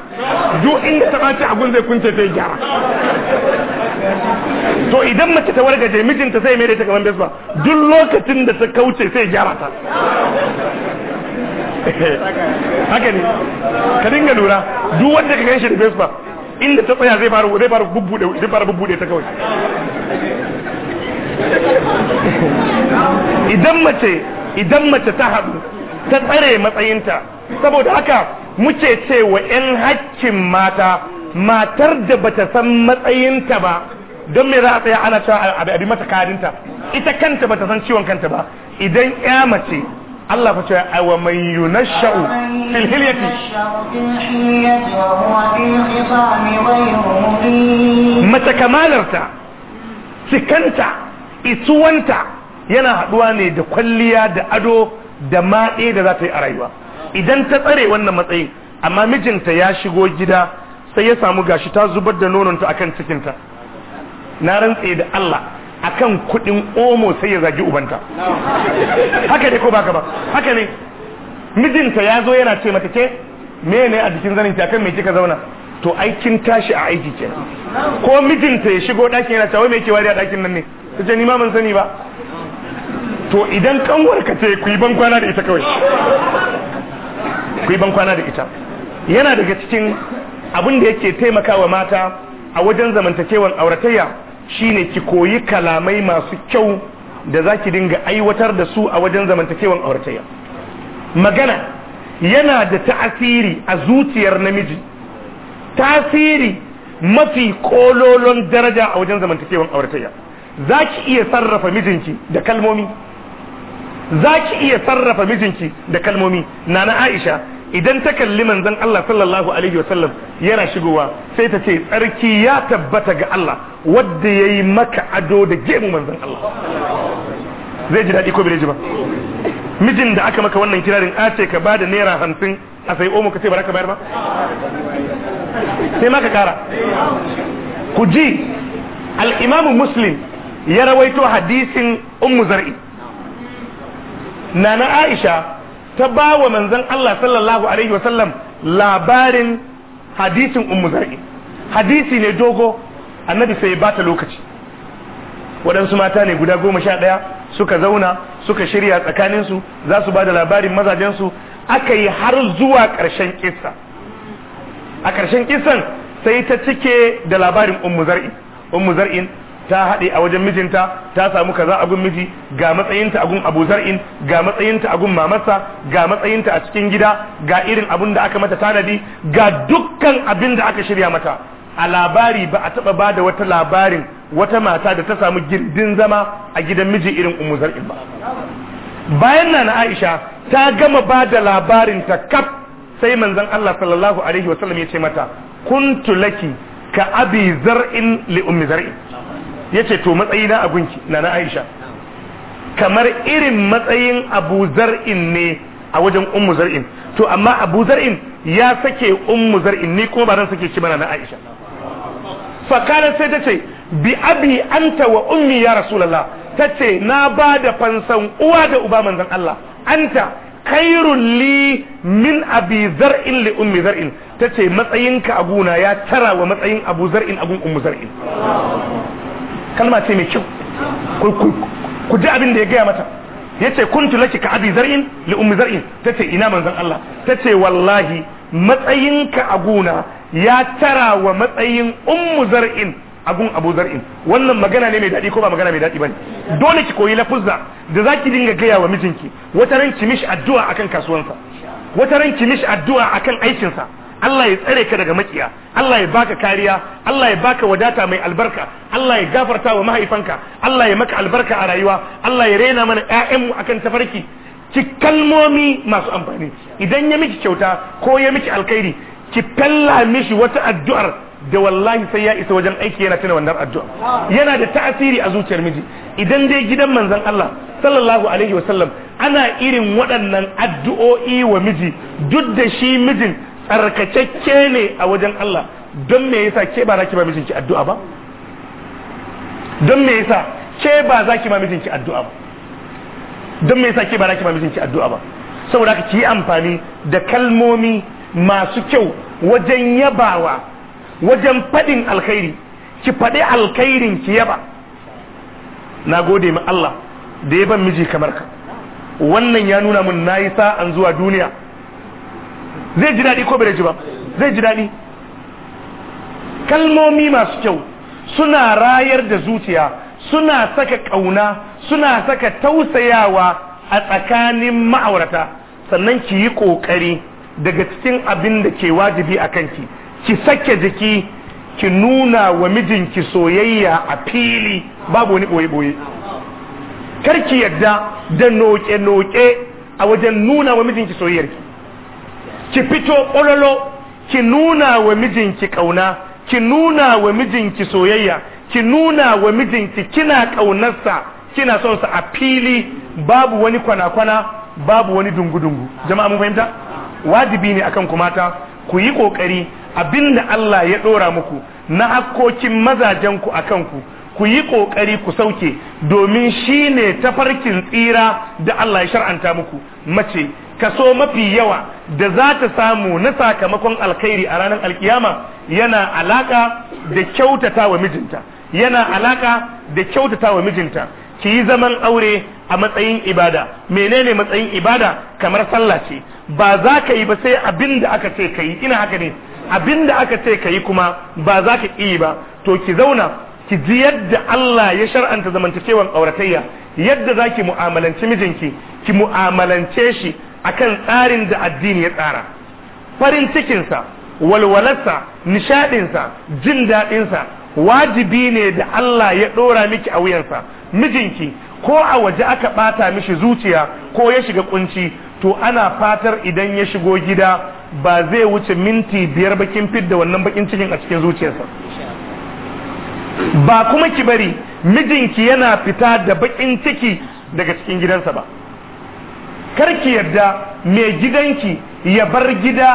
duk inda ta baci agun zai kunce ta gyara to idan mace ta wargaje mijinta sai mai da ta kaman bespa duk lokacin da ta kauce sai gyara ta haka ne ka dinga lura duk wanda ka ganshi da facebook inda ta tsaya zai fara zai bubbude ta kawai idan mace idan mace ta haɗu ta tsare matsayinta saboda haka muke cewa 'yan hakkin mata matar da bata san matsayinta ba don me za a tsaya ana cewa abi mata karinta ita kanta bata san ciwon kanta ba idan ya mace Allah fa ce ai wa man yunashau fil hilyati mata kamalarta cikanta isuwanta yana haduwa ne da kwalliya da ado da maɗe da za ta yi a rayuwa idan ta tsare wannan matsayin amma mijinta ya shigo gida sai ya samu gashi ta zubar da nononta akan cikinta na rantse da Allah akan kudin omo sai ya zagi ubanta haka ne ko baka ba haka ne mijinta ya zo yana ce mata ke mene a jikin zanin akan me kika zauna to aikin tashi a aiki kenan ko mijinta ya shigo ɗakin yana cewa me ke wari a ɗakin nan ne kace ni ma ban sani ba to idan kanwar ka ce ku yi ban kwana da ita kawai ku yi ban kwana da ita yana daga cikin abin da yake taimakawa mata a wajen zamantakewan auratayya shine ki koyi kalamai masu kyau da za ki dinga aiwatar da su a wajen zamantakewan auratayya magana yana da ta'asiri a zuciyar namiji tasiri mafi kololon daraja a wajen zamantakewan auratayya za ki iya sarrafa mijinki da kalmomi za ki iya sarrafa mijinki da kalmomi na na aisha idan ta kalli manzon Allah sallallahu alaihi wasallam yana shigowa sai ta ce tsarki ya tabbata ga Allah wanda yayi maka ado da gemu manzon Allah zai ji daɗi ko bai ji ba mijin da aka maka wannan kirarin a ce ka bada naira hamsin a sai omo ka ce ba ka bayar ba sai maka kara ku ji al'imamu muslim ya rawaito hadisin ummu zar'i nana aisha ta ba wa manzon Allah sallallahu alaihi wasallam labarin hadisin ummu zar'i hadisi ne dogo annabi sai ba ta lokaci waɗansu mata ne guda goma sha ɗaya suka zauna suka shirya tsakaninsu za su ba da labarin mazajensu aka yi har zuwa ƙarshen kissa a ƙarshen kissan sai ta cike da labarin ummu zar'i ummu zar'in ta haɗe a wajen mijinta ta samu kaza a gun miji ga matsayinta a gun abu zar'in ga matsayinta a gun mamarsa ga matsayinta a cikin gida ga irin abin da aka mata tanadi ga dukkan abin da aka shirya mata a labari ba a taɓa ba da wata labarin wata mata da ta samu girdin zama a gidan miji irin umu zar'in ba bayan na na aisha ta gama ba da labarin ta kaf sai manzon allah sallallahu alaihi wasallam ya ce mata kuntu laki ka abi zar'in li ummi zar'in yace to matsayi na abunki na Aisha kamar irin matsayin Abu Zar'in ne a wajen Ummu Zar'in to amma Abu Zar'in ya sake Ummu Zar'in ni kuma ba zan sake shi bana na Aisha fa sai sai tace bi abi anta wa ummi ya rasulullah tace na ba da fansan uwa da uba manzon Allah anta khairul li min abi zar'in li ummi zar'in tace matsayinka abuna ya tara wa matsayin abu zar'in abun ummu zar'in kalma ce mai kyau ku ji abin da ya gaya mata ya yace kuntu laki ka abi zar'in li ummi zar'in ce ina manzan Allah ta ce wallahi matsayinka a gona ya tara wa matsayin ummu zar'in agun abu zar'in wannan magana ne mai daɗi ko ba magana mai daɗi bane dole ki koyi lafuzza da zaki dinga gaya wa mijinki wata ran ki mishi addu'a akan kasuwansa wata ran ki mishi addu'a akan aikinsa Allah ya tsare ka daga makiya Allah ya baka kariya Allah ya baka wadata mai albarka Allah ya gafarta wa mahaifanka Allah ya maka albarka a rayuwa Allah ya rena mana ƴaƴanmu akan tafarki ki kalmomi masu amfani idan ya miki kyauta ko ya miki alkhairi ki falla mishi wata addu'ar da wallahi sai ya isa wajen aiki yana tuna wannan addu'a yana da ta'asiri a zuciyar miji idan dai gidan manzon Allah sallallahu alaihi wasallam ana irin waɗannan addu'o'i wa miji duk da shi mijin tsarkakakke ne a wajen Allah don me yasa ke ba za ki ba mijinki addu'a ba don me yasa ke ba za ki ba mijinki addu'a ba don me yasa ke ba za ki ba mijinki addu'a ba saboda haka ki yi amfani da kalmomi masu kyau wajen yabawa wajen faɗin alkhairi ki faɗi alkhairin ki yaba na gode ma Allah da ya ban miji kamar ka wannan ya nuna mun nayi sa'an zuwa duniya zai ji daɗi ko bai ji ba zai ji daɗi kalmomi masu kyau suna rayar da zuciya suna saka ƙauna suna saka tausayawa a tsakanin ma'aurata sannan ki yi ƙoƙari daga cikin abin da ke wajibi a kanki ki sake jiki ki nuna wa mijinki soyayya a fili babu wani ɓoye-ɓoye karki yadda da noke-noke a wajen nuna wa mijinki soyayyarki ki fito ƙololo ki nuna wa mijinki ƙauna ki nuna wa mijinki soyayya ki nuna wa mijinki kina ƙaunarsa kina son sa a fili babu wani kwana-kwana babu wani dungu-dungu jama'a mun fahimta wajibi ne akan ku mata ku yi ƙoƙari abinda Allah ya ɗora muku na hakkokin ku a kanku ku yi ƙoƙari ku sauke domin shi ta tafarkin tsira da Allah ya shar'anta muku mace kaso mafi yawa da za ta samu na sakamakon alkhairi a ranar alkiyama yana alaka da kyautata wa mijinta yana alaka da kyautata wa mijinta ki yi zaman aure a matsayin ibada menene matsayin ibada kamar sallah ce ba za ka yi ba sai abin da aka ce ka yi ina haka ne abin da aka ce ka yi kuma ba za ka ƙi ba to ki zauna ki ji yadda Allah ya shar'anta zamantakewan auratayya yadda za ki mu'amalanci mijinki ki mu'amalance shi akan tsarin da addini ya tsara farin cikinsa walwalarsa nishaɗinsa jin daɗinsa wajibi ne da Allah ya ɗora miki a wuyansa mijinki ko a waje aka ɓata mishi zuciya ko ya shiga kunci to ana fatar idan ya shigo gida ba zai wuce minti biyar bakin fidda wannan bakin cikin a cikin zuciyarsa ba kuma ki bari mijinki yana fita da bakin ciki daga cikin gidansa ba kar ki yarda mai gidanki ya bar gida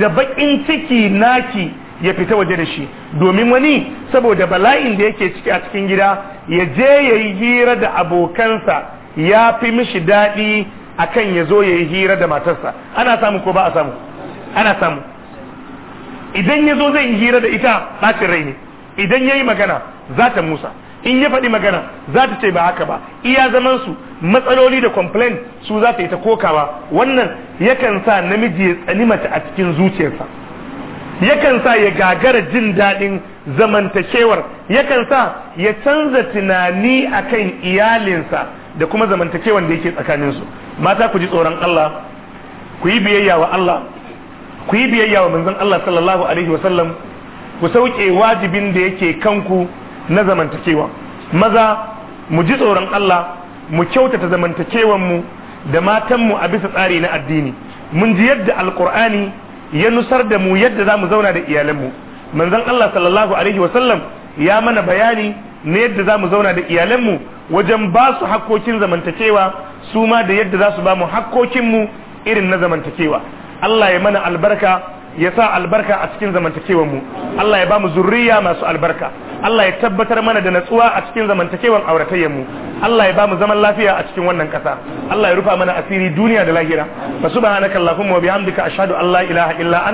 da bakin ciki naki ya fita waje da shi domin wani saboda bala'in da yake ciki a cikin gida ya je ya yi hira da abokansa ya fi mishi daɗi a kan ya zo ya yi hira da matarsa ana samu ko ba a samu ana samu idan ya zo zai yi hira da ita ɓacin rai ne idan ya yi magana za ta musa in ya faɗi magana za ta ce ba haka ba iya zaman su matsaloli da complain su za ta yi ta kokawa wannan yakan sa namiji ya tsani mace a cikin zuciyarsa yakan sa ya gagara jin daɗin zamantakewar yakan sa ya canza tunani akan iyalinsa da kuma zamantakewar da yake tsakaninsu mata ku ji tsoron Allah ku yi biyayya wa Allah ku yi biyayya wa manzon Allah sallallahu alaihi Sallam. ku sauke wajibin da yake kanku na zamantakewa maza mu ji tsoron Allah mu kyautata zamantakewan mu da matanmu a bisa tsari na addini mun ji yadda alkur'ani ya nusar da mu yadda za mu zauna da iyalanmu manzon Allah sallallahu alaihi wasallam ya mana bayani na yadda za mu zauna da iyalanmu wajen ba su hakkokin zamantakewa su ma da yadda za su ba mu hakkokinmu irin na zamantakewa Allah ya mana albarka ya sa albarka a cikin zamantakewar mu Allah ya ba mu zurriya masu albarka Allah ya tabbatar mana da natsuwa a cikin zamantakewar auratayyar mu Allah ya ba mu zaman lafiya a cikin wannan ƙasa Allah ya rufa mana asiri duniya da lahira fa subhanakallahumma wa bihamdika ashhadu an la ilaha illa anta